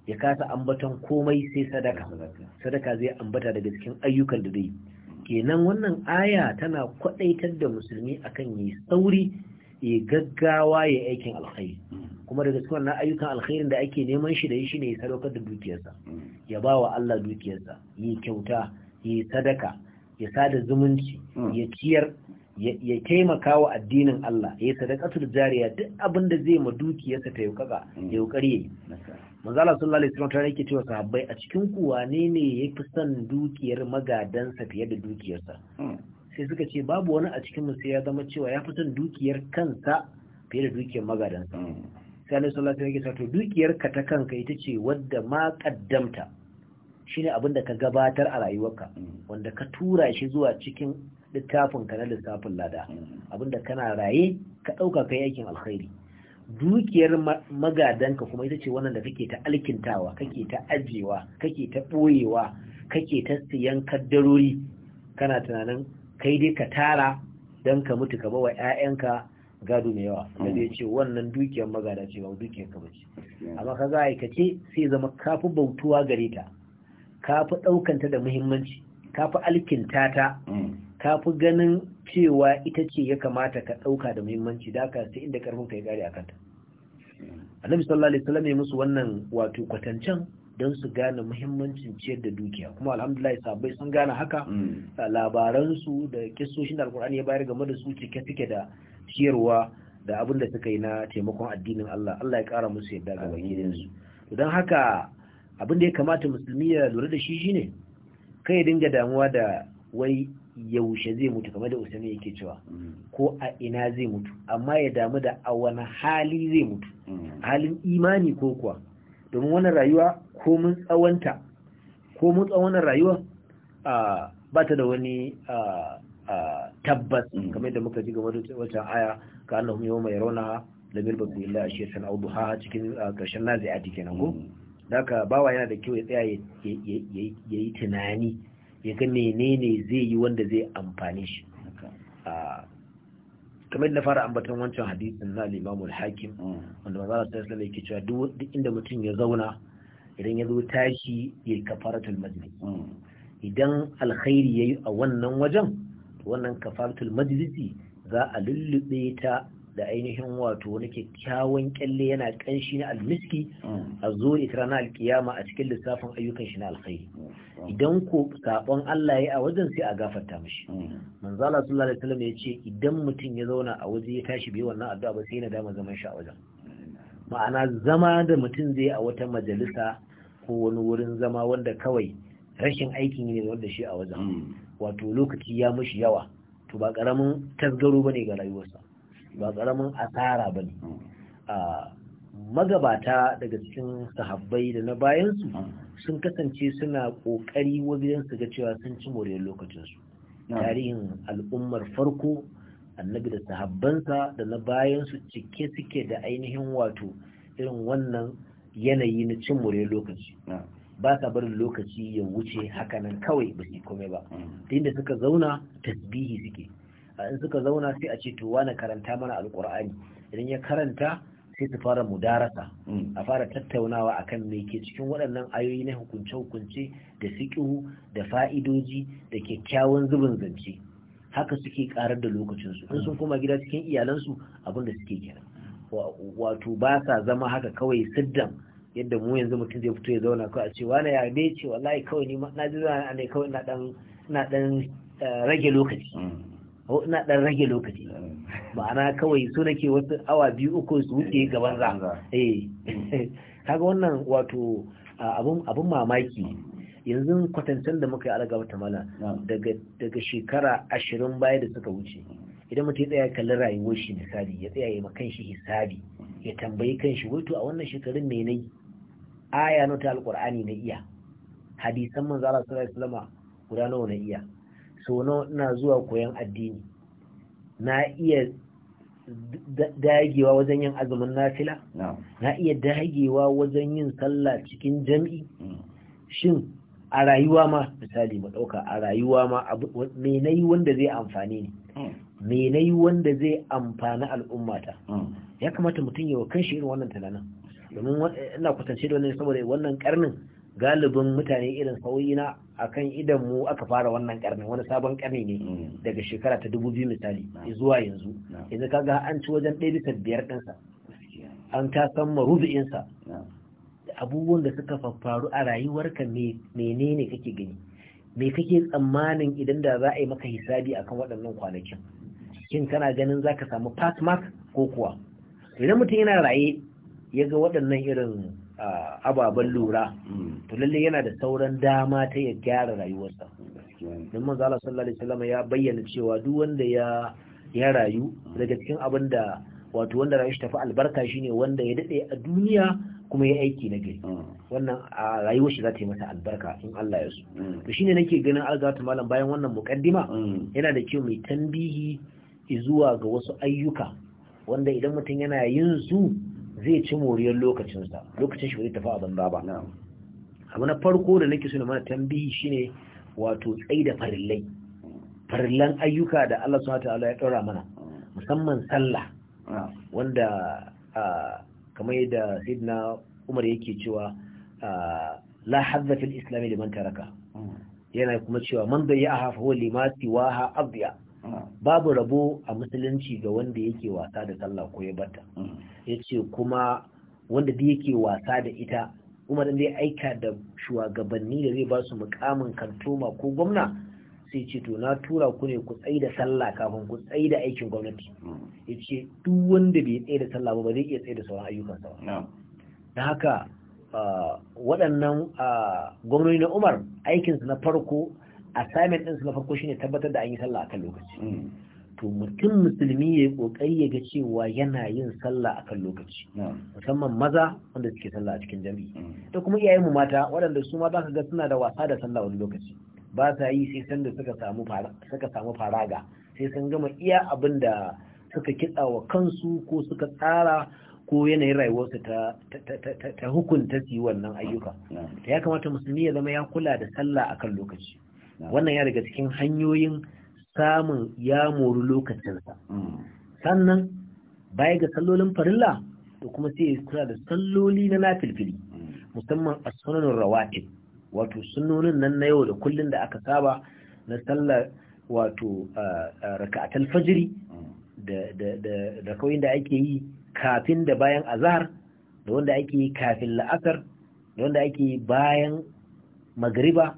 ya kasa ambaton komai sai sadaka sadaka zai ambata daga cikin ayyukan da zai kenan wannan aya tana kwadaitar da musulmi akan yi sauri ya gaggawa ya aikin alkhairi mm. kuma daga cikin wannan ayyukan alkhairin da ake neman shi da yi shine ya sadaukar da dukiyarsa ya ba wa Allah dukiyarsa yi kyauta yi sadaka ya sada zumunci hmm. ya ciyar ya taimaka wa addinin Allah ya da jariya duk abin da zai ma dukiyarsa ta yaukaka hmm. ya kokari yayi manzo Allah sallallahu alaihi wasallam yake cewa sahabbai a cikin ku wane ne yafi son dukiyar magadansa fiye da dukiyarsa hmm. sai suka ce babu wani a cikin mu sai ya zama cewa ya fi son dukiyar kansa fiye da dukiyar magadansa sai annabi sallallahu alaihi dukiyarka ta kanka ita ce wadda ma kaddamta shine abin da ka gabatar a rayuwarka wanda ka tura shi zuwa cikin littafinka na littafin lada abinda kana raye ka dauka kai aikin alkhairi dukiyar magadanka kuma ita ce wannan da kake ta alkintawa kake ta ajiyewa, kake ta ɓoyewa, kake ta siyan kaddarori kana tunanin kai dai ka tara don ka mutu ka bawa 'ya'yanka gado mai yawa da hmm. ya ce wannan dukiyar magada ce ba dukiyar ka bace hmm. amma ka za a aikace sai zama kafi bautuwa gare ta kafi ɗaukanta da muhimmanci kafi alkinta ta hmm. kafi ganin cewa ita ce ya kamata ka ɗauka da muhimmanci da ka sai inda karfin ka ya kare a kanta annabi sallallahu alaihi wasallam ya musu wannan wato kwatancan don su gane muhimmancin ciyar da dukiya kuma alhamdulillah sabai sun gane haka labaransu da kissoshin alkur'ani ya bayar game da su cike suke da ciyarwa da abin da suka yi na taimakon addinin Allah Allah ya kara musu yadda ga bakininsu don haka abin da ya kamata musulmi ya lura da shi shine kai ya dinga damuwa da wai yaushe zai mutu kamar da usaini yake cewa mm. ko a ina zai mutu amma ya damu da a wani hali zai mutu mm. halin imani ko kuwa domin wannan rayuwa ko mun tsawanta ko mun tsawon rayuwa ah, ba ta da wani ah, tabbas kamar da muka ji game da aya ka annahum yawma mm. da lam babu illa ashiyatan aw ha cikin karshen cikin nan ko daga bawa yana da kyau ya tsaya ya yi tunani ya ga menene zai yi wanda zai amfane shi kamar na fara ambaton wancan hadisin na al hakim mm. wanda mazara ta islam yake cewa duk inda mutum ya zauna idan ya zo tashi ya kafaratul majlis mm. idan alkhairi yayi a wannan wajen wannan kafatul majlisi za a lullube ta da ainihin wato wani kyakkyawan kyalle yana kanshi na almiski a zo ita rana alkiyama a cikin lissafin ayyukan shi na alkhairi idan ko sabon Allah ya a wajen sai a gafarta mishi manzo Allah sallallahu alaihi wasallam ya ce idan mutum ya zauna a waje ya tashi bai wannan addu'a ba sai na dama zaman shi a wajen ma'ana zama da mutum zai a wata majalisa ko wani wurin zama wanda kawai rashin aikin ne wanda shi a wajen wato lokaci ya mushi yawa to ba karamin tasgaro bane ga rayuwarsa ba karamin asara bane a magabata daga cikin sahabbai da na bayansu sun kasance suna kokari wajen su ga cewa sun ci moriyar lokacinsu tarihin al'ummar farko annabi da sahabbansa da na bayansu cike suke da ainihin wato irin wannan yanayi na cin moriyar lokaci ba sa barin lokaci ya wuce hakanan kawai ba su komai ba inda mm. suka zauna tasbihi suke in suka zauna sai a ce to wani karanta mana alkur'ani idan ya karanta sai su fara mudarasa mm. a fara tattaunawa akan me ke cikin waɗannan ayoyi na hukunce-hukunce da fiƙihu da fa'idoji da kyakkyawan zubin zance haka suke karar da lokacinsu in sun mm. koma gida cikin iyalansu abin da suke kenan wato ba sa zama haka kawai siddan yadda mu yanzu mutum zai fito ya zauna ko a ce wani ya ne ce wallahi kawai ni na ji zuwa ne kawai na dan na dan eh, rage lokaci ko mm. na dan rage lokaci mm. ma'ana kawai so nake wasu awa biyu uku su wuce eh, gaban za eh mm. kaga wannan wato abun abun mamaki yanzu kwatancin da muka yi alaga ta mala daga daga shekara ashirin baya da suka wuce idan mutum ya tsaya kallon rayuwar shi misali ya tsaya ya makan shi hisabi ya tambayi kan shi wato a wannan shekarun me ne aya na ta alkur'ani na iya hadisan manzo Allah sallallahu alaihi wasallam guda nawa na iya so na ina zuwa koyan addini na iya dagewa wajen yin azumin nafila na iya dagewa wajen yin sallah cikin jami'i mm. shin a rayuwa ma misali mu dauka a rayuwa ma me nayi wanda zai amfane ni mm. me nayi wanda zai amfani al'ummata mm. ya kamata mutum ya wa kanshi irin wannan tunanin domin ina kusance da wannan saboda wannan karnin galibin mutane irin sauyina akan idan mu aka fara wannan karnin wani sabon karni ne mm. daga shekara ta dubu biyu misali zuwa yanzu yanzu kaga an ci wajen ɗaya bisa biyar ɗinsa an ta san marubi'insa abubuwan da suka faru a rayuwarka menene kake gani me kake tsammanin idan da za a yi maka hisabi akan waɗannan kwanakin kin kana ganin za ka samu pass mark ko kuwa idan mutum yana raye ya ga waɗannan irin ababen lura mm. to lalle yana da sauran dama ta ya gyara rayuwarsa don manzo Allah sallallahu alaihi ya bayyana cewa duk wanda ya ya rayu daga cikin abin da wato wanda rayu shi tafi albarka shine wanda ya dade a duniya kuma ya aiki na gari mm. wannan a rayuwar shi za ta yi masa albarka in Allah ya so mm. to shine nake ganin alzatu malam bayan wannan mukaddima yana da kyau mai tambihi zuwa ga wasu ayyuka wanda idan mutum yana yin su zai ci moriyar lokacinsa lokacin shi ba zai tafi a banza ba abu na farko da nake suna mana tambihi shine wato tsaye da farillai farillan ayyuka da Allah subhanahu ya ɗora mana musamman sallah wanda kamar yadda na Umar yake cewa la hadda islami da taraka mm. yana kuma cewa man yi a hafa limati wa ha abya babu rabo a musulunci ga wanda yake wasa da sallah ko ya bata mm. Ya ce kuma wanda da yake wasa da ita kuma da zai aika da shugabanni da zai ba su mukamin kantoma ko gwamna sai ce to na tura ku ne ku tsaye da sallah kafin ku tsaye da aikin gwamnati ya ce duk wanda bai tsaye da sallah ba zai iya tsaye da sauran ayyukansa ba na haka waɗannan gwamnoni na umar aikinsu na farko assignment ɗinsu na farko shine tabbatar da an yi sallah a kan lokaci mm. to mutum musulmi ya yi kokari ya ga cewa yana yin sallah akan lokaci musamman maza wanda suke sallah a cikin jami'i mm. da kuma iyayen mu mata waɗanda su ma za ka ga suna da wasa da sallah wani lokaci ba sa yi sai san da suka samu suka samu faraga sai sun gama iya abin da suka kitsa wa kansu ko suka tsara ko yanayin rayuwarsu ta, ta, hukunta su yi wannan ayyuka ya kamata musulmi ya zama ya kula da sallah akan lokaci wannan ya daga cikin hanyoyin samun ya mori lokacinsa mm. sannan baya ga sallolin farilla da kuma sai ya da salloli na nafilfili mm. musamman a sunanin rawatin wato sunonin nan na yau da kullun da aka saba na sallar wato rakatal fajiri mm. da da da ake yi kafin da bayan azhar da wanda ake yi kafin la'asar da wanda ake yi bayan magariba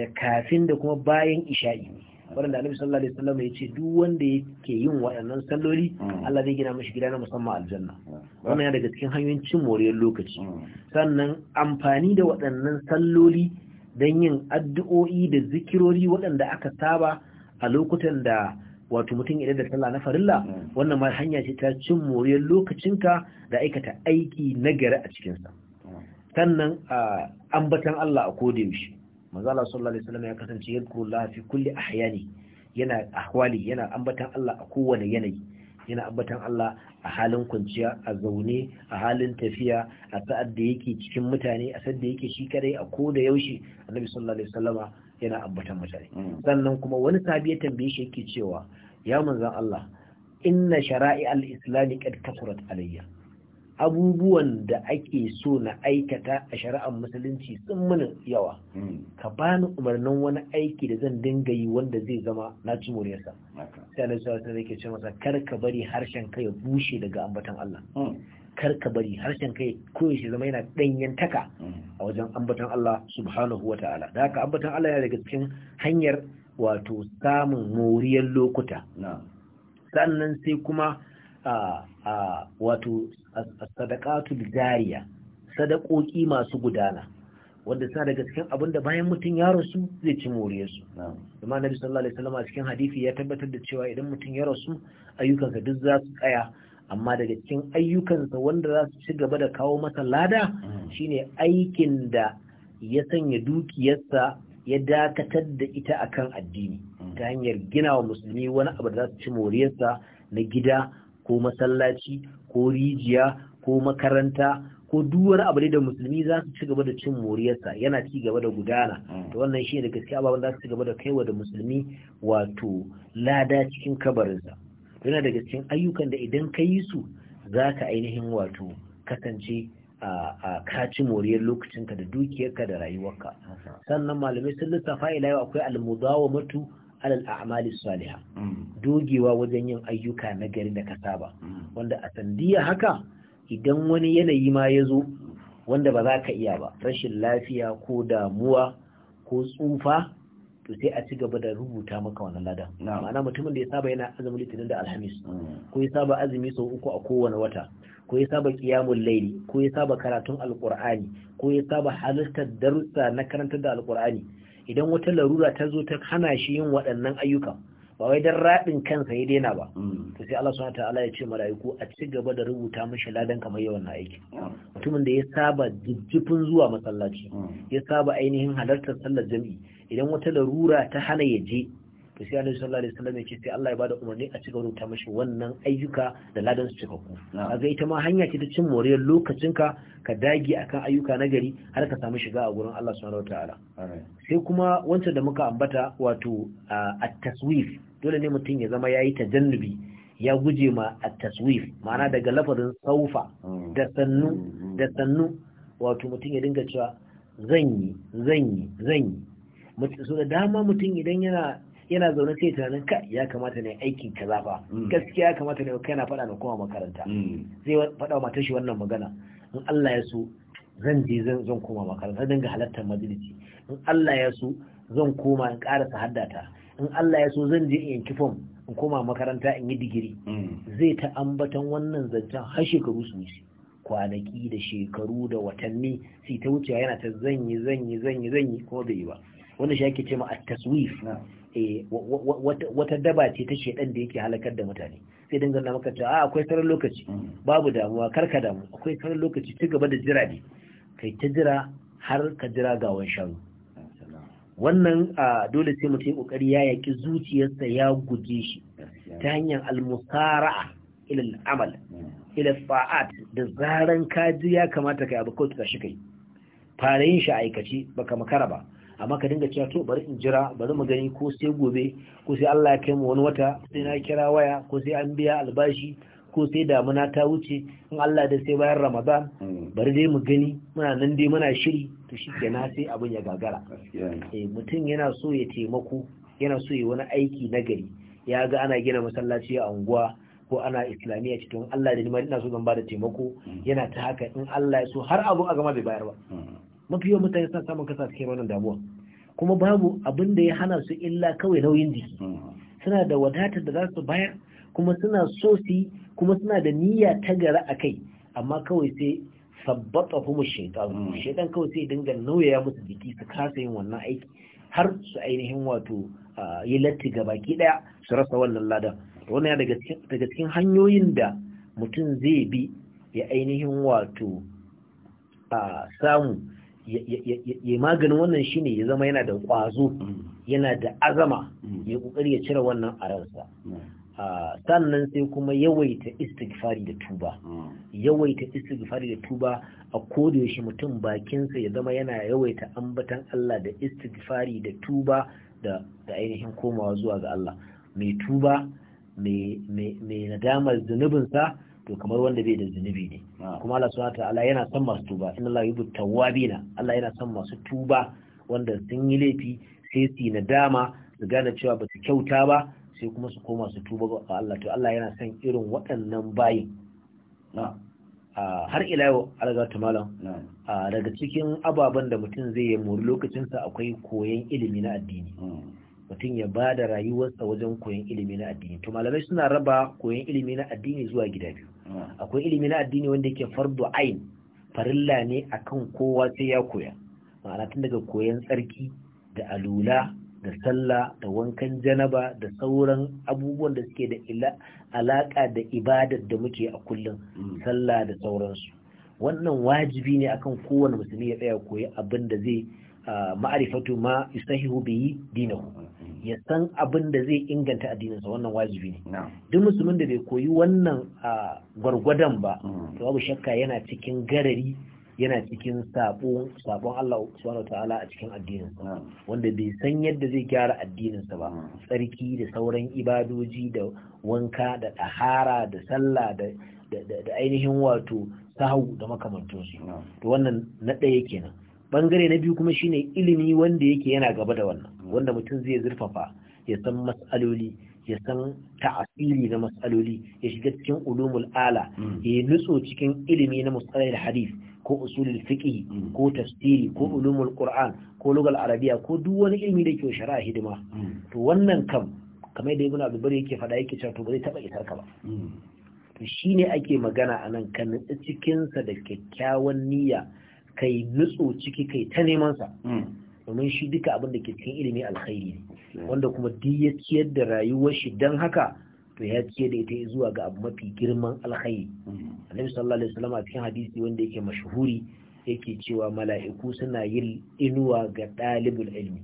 da kafin da kuma bayan isha'i waɗanda annabi sallallahu alaihi wasallam ya ce duk wanda yake yin waɗannan salloli mm. Allah zai gina mishi gida na musamman aljanna mm. wannan yana daga cikin hanyoyin cin moriyar lokaci mm. sannan amfani da waɗannan salloli dan yin addu'o'i da zikirori waɗanda aka saba a lokutan da wato mutum idan da sallah na farilla wannan ma hanya ce ta cin moriyar lokacinka da aikata aiki na gari a cikinsa sannan ah, ambatan Allah a koda yaushe manzo sallallahu alaihi wasallam ya kasance yadkurullah fi kulli ahyani yana ahwali yana ambatan Allah a kowane yanayi yana ambatan Allah a halin kwanciya a zaune a halin tafiya a sa'ad da yake cikin mutane a sa'ad da yake shi kadai a ko da yaushe annabi sallallahu alaihi wasallama yana ambatan mutane hmm. sannan kuma wani sabi ya tambaye shi yake cewa ya manzan Allah inna shara'i al-islam qad kasurat alayya abubuwan da ake so na aikata a shari'ar musulunci sun mana yawa hmm. ka bani umarnin wani aiki da zan dinga yi wanda zai zama na ci muryarsa sai na zuwa sai yake ce masa kar ka bari harshen kai ya bushe daga ambatan Allah hmm. kar ka bari harshen kai koyaushe zama yana danyen taka hmm. a wajen ambatan Allah subhanahu wa da haka ambatan Allah yana daga cikin hanyar wato samun moriyar lokuta sannan sai kuma a wato sadaqatu jariya sadakoki masu gudana wanda sa daga cikin abin bayan mutum ya rasu zai ci moriyar su amma nabi sallallahu alaihi wasallam a cikin hadisi ya tabbatar da cewa idan mutum ya rasu ayyukansa duk za su tsaya amma daga cikin ayyukansa wanda za su ci gaba da kawo masa lada mm. shine aikin da ya sanya dukiyarsa ya dakatar da ita akan addini mm. ta hanyar gina wa musulmi wani abu da za su ci sa na gida ko masallaci ko rijiya ko makaranta ko duwar abu da musulmi za su ci gaba da cin moriyarsa yana ci gaba da gudana mm. to wannan shi da gaskiya ababen za su ci gaba da kaiwa da musulmi wato lada cikin kabarinsa yana daga cikin ayyukan da idan ka yi su za ka ainihin wato kasance a kaci moriyar lokacinka da dukiyarka da rayuwarka sannan malamai sun lissafa ila yau akwai mutu. alal a'mali salihah mm. dogewa wajen yin ayyuka na gari da ka saba mm. wanda a sandiya haka idan wani yanayi ma ya zo wanda ba za ka iya ba rashin lafiya ko damuwa ko tsufa to sai a ci gaba da rubuta maka wannan ladan ma'ana mutumin da ya saba yana azumin litinin da alhamis mm. ko ya saba azumi sau uku a kowane wata ko ya saba kiyamun laili ko ya saba karatun alkur'ani ko ya saba halartar darussa na karantar da alkur'ani idan wata larura ta zo ta hana shi yin waɗannan ayyukan. ba wai dan raɗin kansa ya daina ba mm. to sai Allah subhanahu wataala ya ce malaiku a ci gaba da rubuta mishi ladan kamar yawan aiki mm. mutumin da ya saba jijjifin zuwa masallaci mm. ya saba ainihin halartar sallar jami'i idan wata larura ta hana ya je to sai annabi sallallahu alaihi wasallam yake sai Allah ya bada umarni a cigaba rubuta mashi wannan ayyuka da ladan su cikakku kaga ita ma hanya ce ta cin moriyar lokacinka ka dage akan ayyuka na gari har ka samu shiga a gurin Allah subhanahu wataala sai kuma wancan da muka ambata wato at-taswif dole ne mutum ya zama yayi tajannubi ya guje ma at-taswif ma'ana daga lafazin saufa mm. da sannu mm-hmm. da sannu wato mutum ya dinga cewa zan yi zan yi zan yi so da dama mutum idan yana yana zaune sai tunanin ka ya kamata ne aikin ka zafa mm. gaskiya ya kamata ne kai na faɗa na koma makaranta mm. zai faɗa wa matashi wannan magana in Allah ya so zan je zan koma makaranta dinga halartar majalisi in Allah ya so zan koma in ƙarasa haddata in Allah ya so zan je in yanki fom in koma makaranta in yi digiri mm. zai ta ambatan wannan zancen har shekaru su wuce kwanaki da shekaru da watanni sai ta wuce yana ta zanyi zanyi zanyi zanyi kuma bai yi ba wanda shi ake ce ma at-taswif Eh, wata daba ce ta ɗan da yake halakar da mutane sai na maka cewa ah, akwai sauran lokaci mm. babu damuwa karka damu akwai sauran lokaci ci gaba da jira ne kai ta jira har ka jira gawan shanu wannan dole sai mutum kokari ya yaki zuciyarsa ya guje shi ta hanyar almusara'a ila amal mm. ila fa'at da zaran ka ji ya kamata kai abu kawai ka shi kai fara yin shi aikace baka makara ba amma ka dinga cewa to bari in jira bari mu gani ko sai gobe ko sai Allah ya kai mu wani wata sai na kira waya ko sai an biya albashi ko sai damuna ta wuce in Allah da sai bayan Ramadan hmm. bari dai mu gani muna nan dai muna shiri to na sai abin ya gagara eh mutum yana so ya taimako yana so ya wani aiki na gari ya ga ana gina masallaci a unguwa ko ana islamiyya ce to Allah da ni ma ina so zan ba da taimako hmm. yana ta haka in Allah ya so har abu a gama bai bayar ba hmm. mafi yawan mutane suna samun kasa cikin wannan damuwa kuma babu abin da ya hana su illa kawai nauyin jiki suna da wadatar da za su bayar kuma suna so su kuma suna da niyya ta gara a kai amma kawai sai sabbata kuma shaitan hmm. shaitan kawai sai dinga nauyaya musu jiki su kasa yin wannan aiki har su ainihin wato yi latti ga baki daya su rasa wannan ladan wannan ya daga cikin hanyoyin da mutum zai bi ya ainihin wato samu ya maganin wannan shine ya zama yana da ƙwazo yana da azama mm. ya ƙoƙari ya cire wannan a ransa mm. ah, sannan sai kuma yawaita istighfari da tuba mm. yawaita istighfari da tuba a kodayaushe mutum bakinsa ya zama yana yawaita ambatan Allah da istighfari da tuba da ainihin komawa zuwa ga Allah mai tuba mai nadamar zunubinsa to kamar wanda bai da zunubi ne ah. kuma Allah subhanahu ta'ala yana son masu tuba inna Allah yubu tawabina Allah yana son masu tuba wanda sun yi laifi sai su nadama su gane cewa ba su kyauta ba sai kuma su koma su tuba ga Allah to Allah yana son irin waɗannan bayin ah. Ah, har ila yau ta malam daga cikin ababen da mutum zai yi mori lokacinsa akwai koyon ilimi na addini hmm. mutum ya ba da rayuwarsa wajen koyon ilimi na addini to malamai suna raba koyon ilimi na addini zuwa gida biyu akwai ilimi na addini wanda yake fardu ain farilla ne akan kowa sai ya koya ma'ana tun daga koyan tsarki da alula da sallah da wankan janaba da sauran abubuwan da suke da alaka da ibadar da muke a kullum mm. sallah da sauransu wannan wajibi ne akan kowane musulmi ya tsaya koyi abin da zai ah, ma'arifatu ma yusahihu bihi dinahu ya san abin da zai inganta addininsa wannan wajibi ne duk musulmin da bai koyi wannan gwargwadon ba mm. to babu shakka yana cikin garari yana cikin sabon Allah subhanahu ta'ala a cikin addininsa wanda bai san yadda zai gyara addininsa ba mm. tsarki da sauran ibadoji da wanka da ɗahara da sallah da ainihin wato sahau da makamantoshi to wannan na ɗaya kenan bangare na biyu kuma shine ilimi wanda yake yana gaba da wannan wanda mutum zai zurfafa ya san matsaloli ya san ta'asiri na matsaloli ya shiga cikin ulumul ala mm. ya nutso cikin ilimi na mas'alar hadith ko usulul fiqh mm. ko tafsiri ko ulumul qur'an ko lugal arabiya ko duk wani ilimi da ke shari'a hidima mm. to wannan kam kamar da ibn abubakar yake faɗa yake cewa to ba zai taɓa isar ka ba to shine ake magana a nan ka nutsi cikinsa da kyakkyawan niyya kai nutso ciki kai ta neman sa domin shi duka abin da ke cikin ilimi alkhairi ne wanda kuma duk ya ciyar da rayuwar shi don haka to ya ciyar da ita zuwa ga abu mafi girman alkhairi annabi sallallahu alaihi wasallam a cikin hadisi wanda yake mashhuri yake cewa mala'iku suna yin inuwa ga ɗalibul ilmi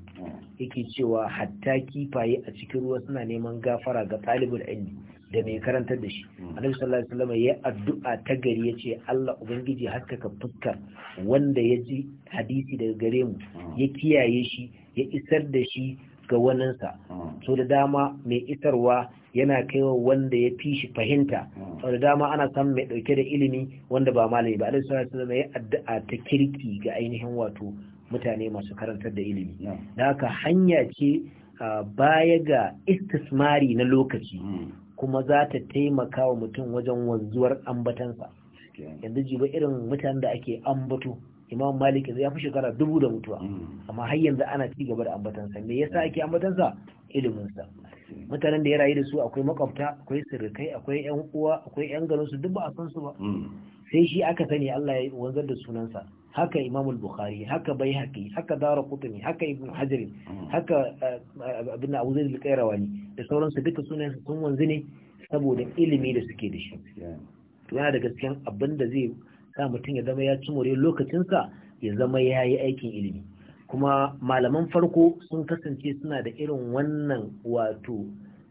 yake cewa hatta kifaye a cikin ruwa suna neman gafara ga ɗalibul ilmi da mai karantar da shi hmm. annabi sallallahu alaihi wasallam ya addu'a ta gari yace Allah ubangiji haskaka fuskar wanda ya ji hadisi daga gare mu hmm. ya kiyaye shi ya isar da shi ga waninsa hmm. so da dama mai isarwa yana kaiwa wanda ya fi shi fahimta so da dama ana samun mai dauke da ilimi wanda ba malami ba annabi sallallahu alaihi wasallam ya addu'a ta kirki ga ainihin wato mutane masu karantar da ilimi da haka hanya ce ah, baya ga istismari na lokaci kuma za ta taimaka wa mutum wajen wanzuwar ambatansa yanzu jiba irin mutanen da ake ambato imam malik yanzu ya fi shekara dubu da mutuwa mm. amma har yanzu ana ci gaba da ambatansa me yasa ake ambatansa iliminsa mutanen da ya rayu da su akwai makwabta akwai sirrikai akwai yan uwa akwai yan garin duk ba a san su ba mm. sai shi aka sani Allah ya wanzar da sunansa haka imamul bukhari haka bai haka dara kutumi haka ibn hajar mm. haka eh, abin da al-qayrawani da sauransu duka sunan sun wanzu ne saboda ilimi da suke da shi yana da gaskiyan abinda zai sa mutum ya zama ya ci more lokacinsa ya zama yayi aikin ilimi kuma malaman farko sun kasance suna da irin wannan wato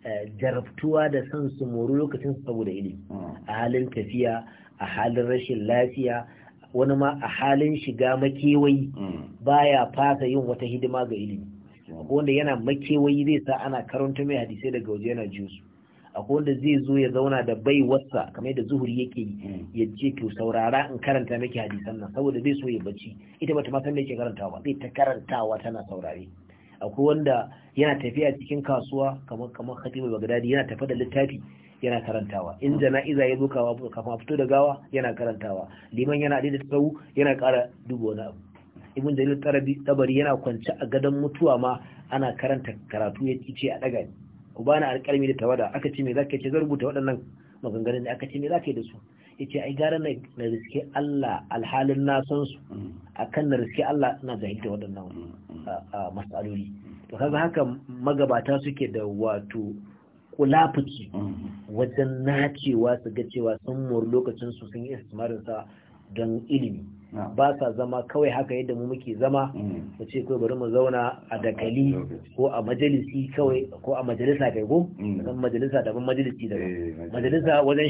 eh, jarabtuwa da san su mori lokacin saboda ilimi mm. a halin tafiya a halin rashin lafiya wani ma a halin shiga makewayi mm. baya fasa yin wata hidima ga ilimi akwai wanda yana makewayi zai sa ana karanta mai hadisai daga waje yana jin su akwai wanda zai zo ya zauna da bai wasa kamar yadda zuhuri yake yi mm. ya ce to saurara in karanta miki hadisan nan saboda zai so ya bacci ita bata ma san me yake karantawa ba zai ta karantawa tana saurare akwai wanda yana tafiya cikin kasuwa kamar kamar Khatibu Bagdadi yana tafi da littafi yana karantawa in jana'iza ya zo kawa kafin a fito da gawa yana karantawa liman yana da tsawu yana kara dubo na abu ibn jalil tabari yana kwance a gadon mutuwa ma ana karanta karatu ya ce a daga ku bani alƙalmi da tawada aka ce me zaka ce zan rubuta waɗannan maganganun da aka ce me zaka yi da su yace ai gara na na riske Allah alhalin na san su mm. akan na riske Allah ina jahilta waɗannan mm, mm. masaloli to kaga haka magabata suke da wato kulafuci mm-hmm. wajen nacewa su ga cewa sun mori lokacin su sun yi istimarin sa don ilimi ba sa zama kawai haka yadda mu muke zama mm. mu ce kawai bari mu zauna a dakali ko a majalisi kawai ko a majalisa kai ko dan mm. majalisa daban majalisi da eh, majalisa wajen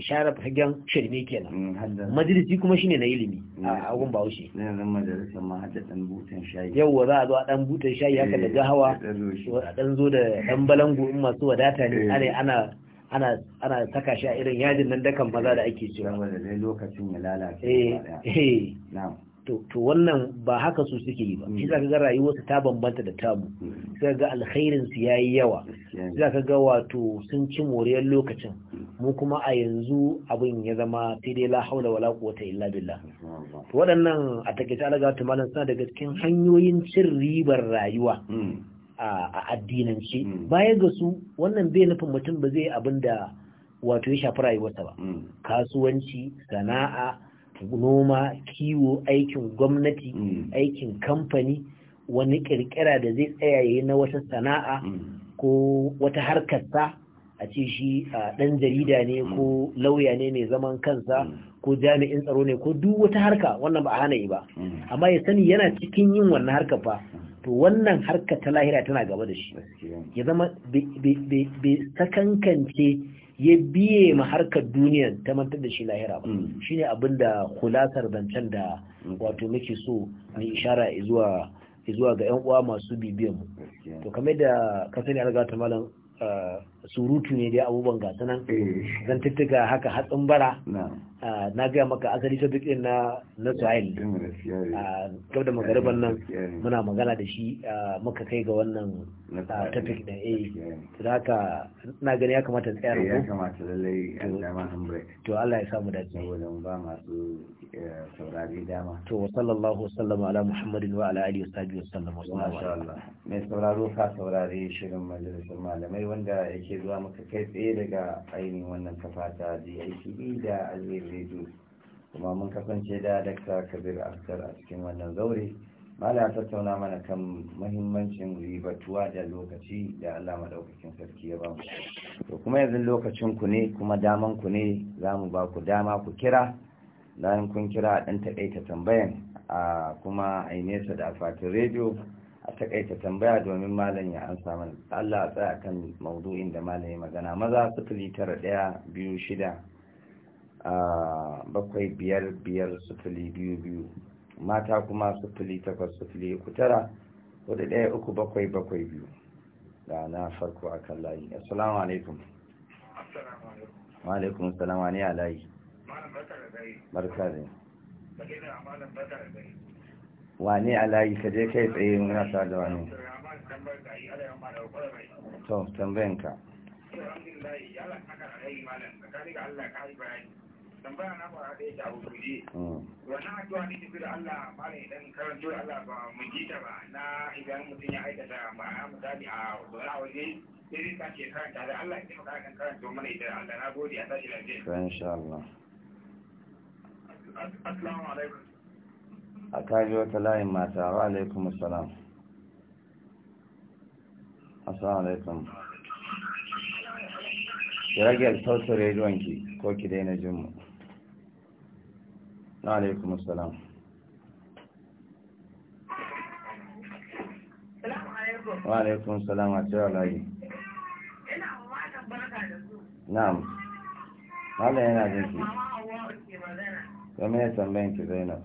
share fagen shirme kenan mm, majalisi kuma shine na ilimi a gun bahaushe zan majalisa ma hada dan butan shayi yawa za a zo a dan butan shayi haka da eh, gahawa a dan zo da dan balango in masu wadata ne eh. ana ana saka shi a irin yajin nan dakan maza da ake cewa saboda lokacin ya lalace eh, eh. na'am to wannan ba haka su suke yi ba mm. shi ka ga rayuwarsu ta bambanta da tamu sai mm. ga alkhairin su yayi yawa zaka ga wato sun ci moriyar lokacin mm. mu kuma a yanzu abin ya zama sai dai la haula wala quwwata illa billah to waɗannan a ta alaga malan suna daga cikin hanyoyin cin ribar rayuwa a addinance hmm. baya ga su wannan bai nufin mutum ba zai abin da wato ya shafi rayuwarsa ba hmm. kasuwanci sana'a noma kiwo aikin gwamnati hmm. aikin kamfani wani kirkira da zai tsaya yayi na wata sana'a ko wata harkarsa a ce shi ɗan jarida ne ko lauya ne mai zaman kansa ko jami'in tsaro ne ko duk wata harka wannan ba a hana yi ba amma ya sani yana cikin yin wannan harkar fa to wannan harkar ta lahira tana gaba da shi ya zama bai sakankance ya biye ma harkar duniya ta mantar da shi lahira ba mm. shi ne abin da kulasar zancen da mm. wato muke so mai ishara zuwa ga yan uwa masu bibiyan mu to kamar da ka sani ta malam ah, surutu ne dai abubuwan gasa nan eh. zan tattaka haka hatsin bara ah, na gaya maka asali ta duk na na sahel gab da magariban nan muna magana da shi ah, muka kai ga wannan ah, topic da eh da haka na gani ya kamata tsaya eh, ko ya kamata lallai an dama to Allah ya samu da saboda mu ba masu eh, saurari dama to sallallahu sallama ala muhammadin wa ala alihi wasallam wasallam masha Allah mai sauraro ka saurari shirin majalisar malamai wanda yake zuwa maka kai tsaye daga ainihin wannan kafa ta DITV e da Alwir Radio kuma mun kasance da dakta Kabir aftar a cikin wannan zaure mala tattauna mana kan mahimmancin ribatuwa da lokaci da Allah madaukakin sarki ya ba mu to kuma yanzu lokacin ku ne kuma daman ku ne za mu ba ku dama ku kira bayan kun kira a ɗan taƙaita tambayan a kuma a nesa da akwatin rediyo a takaita tambaya domin malam ya ansa mana Allah a tsaya kan maudu'in da malam ya magana maza sufuri tara ɗaya biyu shida bakwai biyar biyar sufuri biyu biyu mata kuma sufuri takwas sufuri uku tara wadda ɗaya uku bakwai bakwai biyu da na farko a kan layi assalamu alaikum wa alaikum salam ne a layi barka da barka da wane a layi ka je kai tsaye muna sa da wani to tambayan ka na ne ne Allah ba mu ji ba na idan mutum ya aikata ba a mutane a wani waje sai karanta Allah ya taimaka mana idan Allah na gode a tashi lafiya insha Allah alaikum a kaji wata layin mata wa alaikum assalam assalamu alaikum ki rage sautin rediyonki ko ki daina jinmu na alaikum assalam wa alaikun salam a cewa layi na'am hala yana jinki ya ya tambayin ki zainab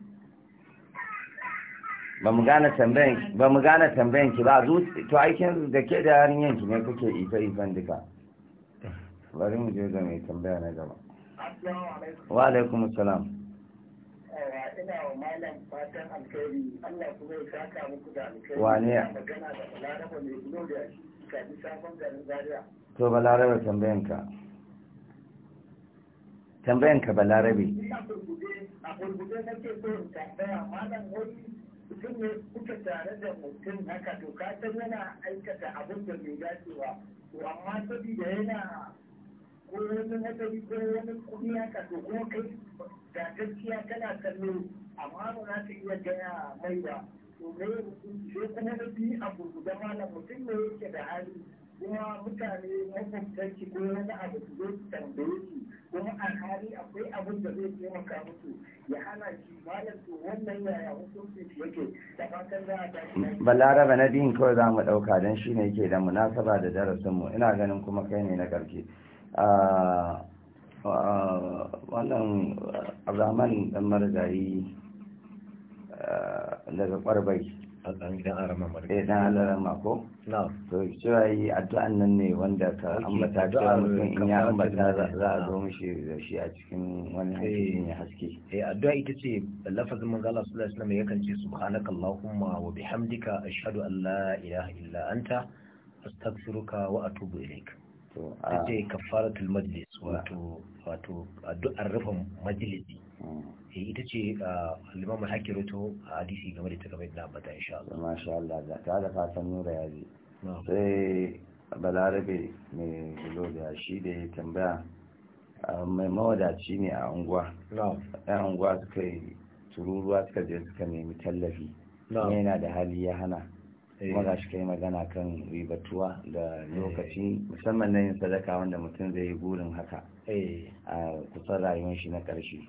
ba mu gane tambayan ba mu gane tambayan ki ba zu to aikin da ke da yarinyan ki ne kake ifa ifan duka bari mu je ga mai tambaya na gaba wa alaikum assalam wane to balarabe tambayan ka tambayan ka balarabe a gurguje nake so mutum ne kuka tare da mutum haka to ka san yana aikata abin da mai dacewa ba to amma saboda yana ko wani hadari ko wani kuɗi haka to kuma kai da gaskiya kana kallo amma ba za ta iya gaya mai ba to me sai kuma na biyu abu gurgudan malam mutum ne yake da hali kuma mutane makwabtanki ko wani abu su zo su tambaye su kuma a hali akwai abin da zai taimaka musu ya hana shi malam to wannan yaya hukuncin shi yake da fatan za a tashi balaraba na biyun kawai za mu ɗauka don shi ne yake da munasaba da darasinmu ina ganin kuma kai ne na ƙarfi ah, ah, wannan abdulrahman dan marigayi ah, daga ƙwarbai idan an rama mana idan eh, an rama ko to cewa yi addu'an nan ne wanda ka ambata cewa mutum in ya ambata za a zo mishi da shi a cikin wani hankali eh. ne haske eh addu'a ita ce lafazin manzo Allah sallallahu alaihi wasallam yakan ce subhanakallahumma wa bihamdika ashhadu an la ilaha illa anta astaghfiruka wa atubu ilaik to a ce kafaratul majlis wato wato addu'ar rufin majlisi mm. Eh, ita ce ah, limamun haƙƙi roto a hadisi game da ta game da ambata insha Allah masha Allah da ta da fatan nura ya ji sai balarabe mai gulo da shi da ya tambaya ah, mai mawadaci ne a unguwa Ɗan unguwa suka yi tururuwa suka je suka nemi tallafi yana da hali ya hana eh. kuma ga shi kai magana kan ribatuwa da lokaci eh. musamman na yin sadaka wanda mutum zai yi burin haka a kusan rayuwar shi na ƙarshe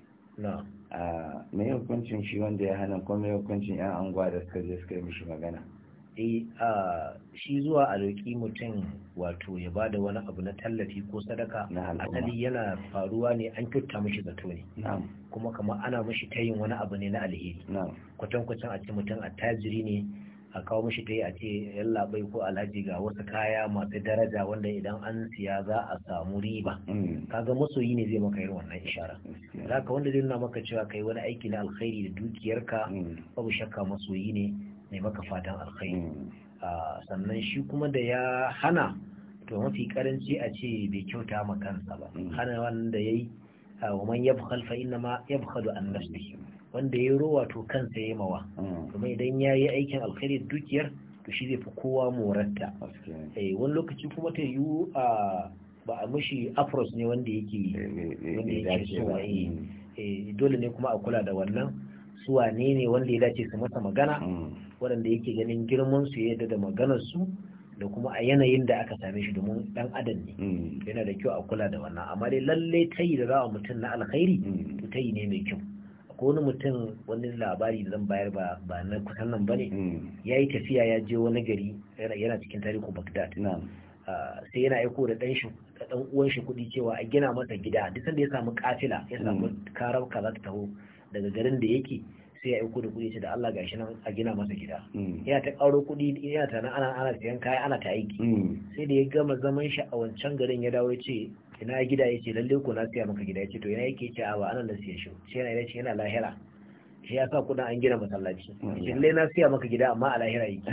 mai hukuncin shi wanda ya hana kuma mai hukuncin yan anguwa da suka je suka yi mishi magana eh a shi zuwa a roƙi mutum wato ya bada wani abu na tallafi ko sadaka Na asali yana faruwa ne an kyauta mishi zato ne kuma kamar ana mishi tayin wani abu ne na alheri kwatankwacin a ce mutum attajiri ne a kawo mishi ta a ce yallaɓai ko alhaji ga wasu kaya masu daraja wanda idan an siya za a samu riba mm. kaga masoyi ne zai maka yi wannan ishara Za ka wanda zai nuna maka cewa ka kai wani aiki na alkhairi da dukiyarka mm. babu shakka masoyi ne mai maka fatan alkhairi mm. sannan shi kuma da ya hana to mafi karanci a ce bai kyauta ma kansa ba hana wanda yayi wa man yabkhal fa inna ma yabkhalu an nafsihi wanda ya rowa to kansa ya mawa hmm. kuma idan ya yi aikin alkhairi dukiyar to shi zai fi kowa moratta eh, wani lokaci kuma ta yi ba a mashi afros ne wanda yake eh, eh, yi hmm. dole ne kuma a kula da wannan su wane ne wanda ya dace su masa magana hmm. waɗanda yake ganin girman su yadda da maganar su da kuma a yanayin da aka same shi domin dan adam ne yana da kyau a kula da wannan amma dai lalle yi da za a mutum na alkhairi to yi ne mai kyau ko wani mutum wani labari da zan bayar ba ba na kusan nan bane mm. ya yi tafiya ya je wani gari yana cikin ko bagdad ah, sai yana aiko da dan shi da dan uwan shi kuɗi cewa a gina masa gida duk sanda ya samu kafila ya samu mm. karar kaza ta taho daga garin da yake sai ya aiko da kuɗi ce da Allah gashi nan a gina masa gida mm. yana ta ƙaro kuɗi yana ta ana ana siyan kaya ana ta aiki sai da ya gama zaman shi a wancan garin ya dawo ya ce ina gida yace lalle ko na siya maka gida yace to ina yake yace a ba anan na siya shi shi yana yace yana lahira shi ya sa kudin an gina masallaci shi lalle na siya maka gida amma a lahira yake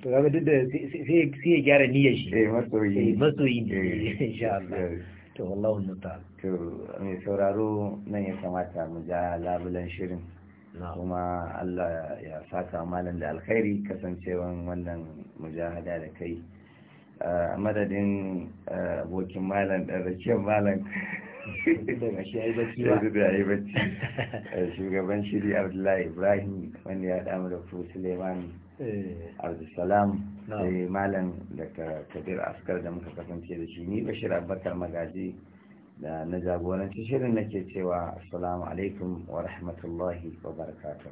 to ga duk da sai ya gyara niyyar shi eh masoyi eh, masoyi eh, insha Allah to wallahu musta'an to mai sauraro nan ya kamata mu ja labulan shirin kuma Allah ya saka malam da alkhairi kasancewan wannan mujahada da kai madadin abokin malam da rakiyar malam shugaban shiri abdullahi ibrahim wanda ya damu da furu suleiman eh. abdulsalam malam daga kadir askar da muka kasance da shi ni bashir abubakar magaji da na jagoranci shirin nake cewa assalamu alaikum wa rahmatullahi wa barakatuh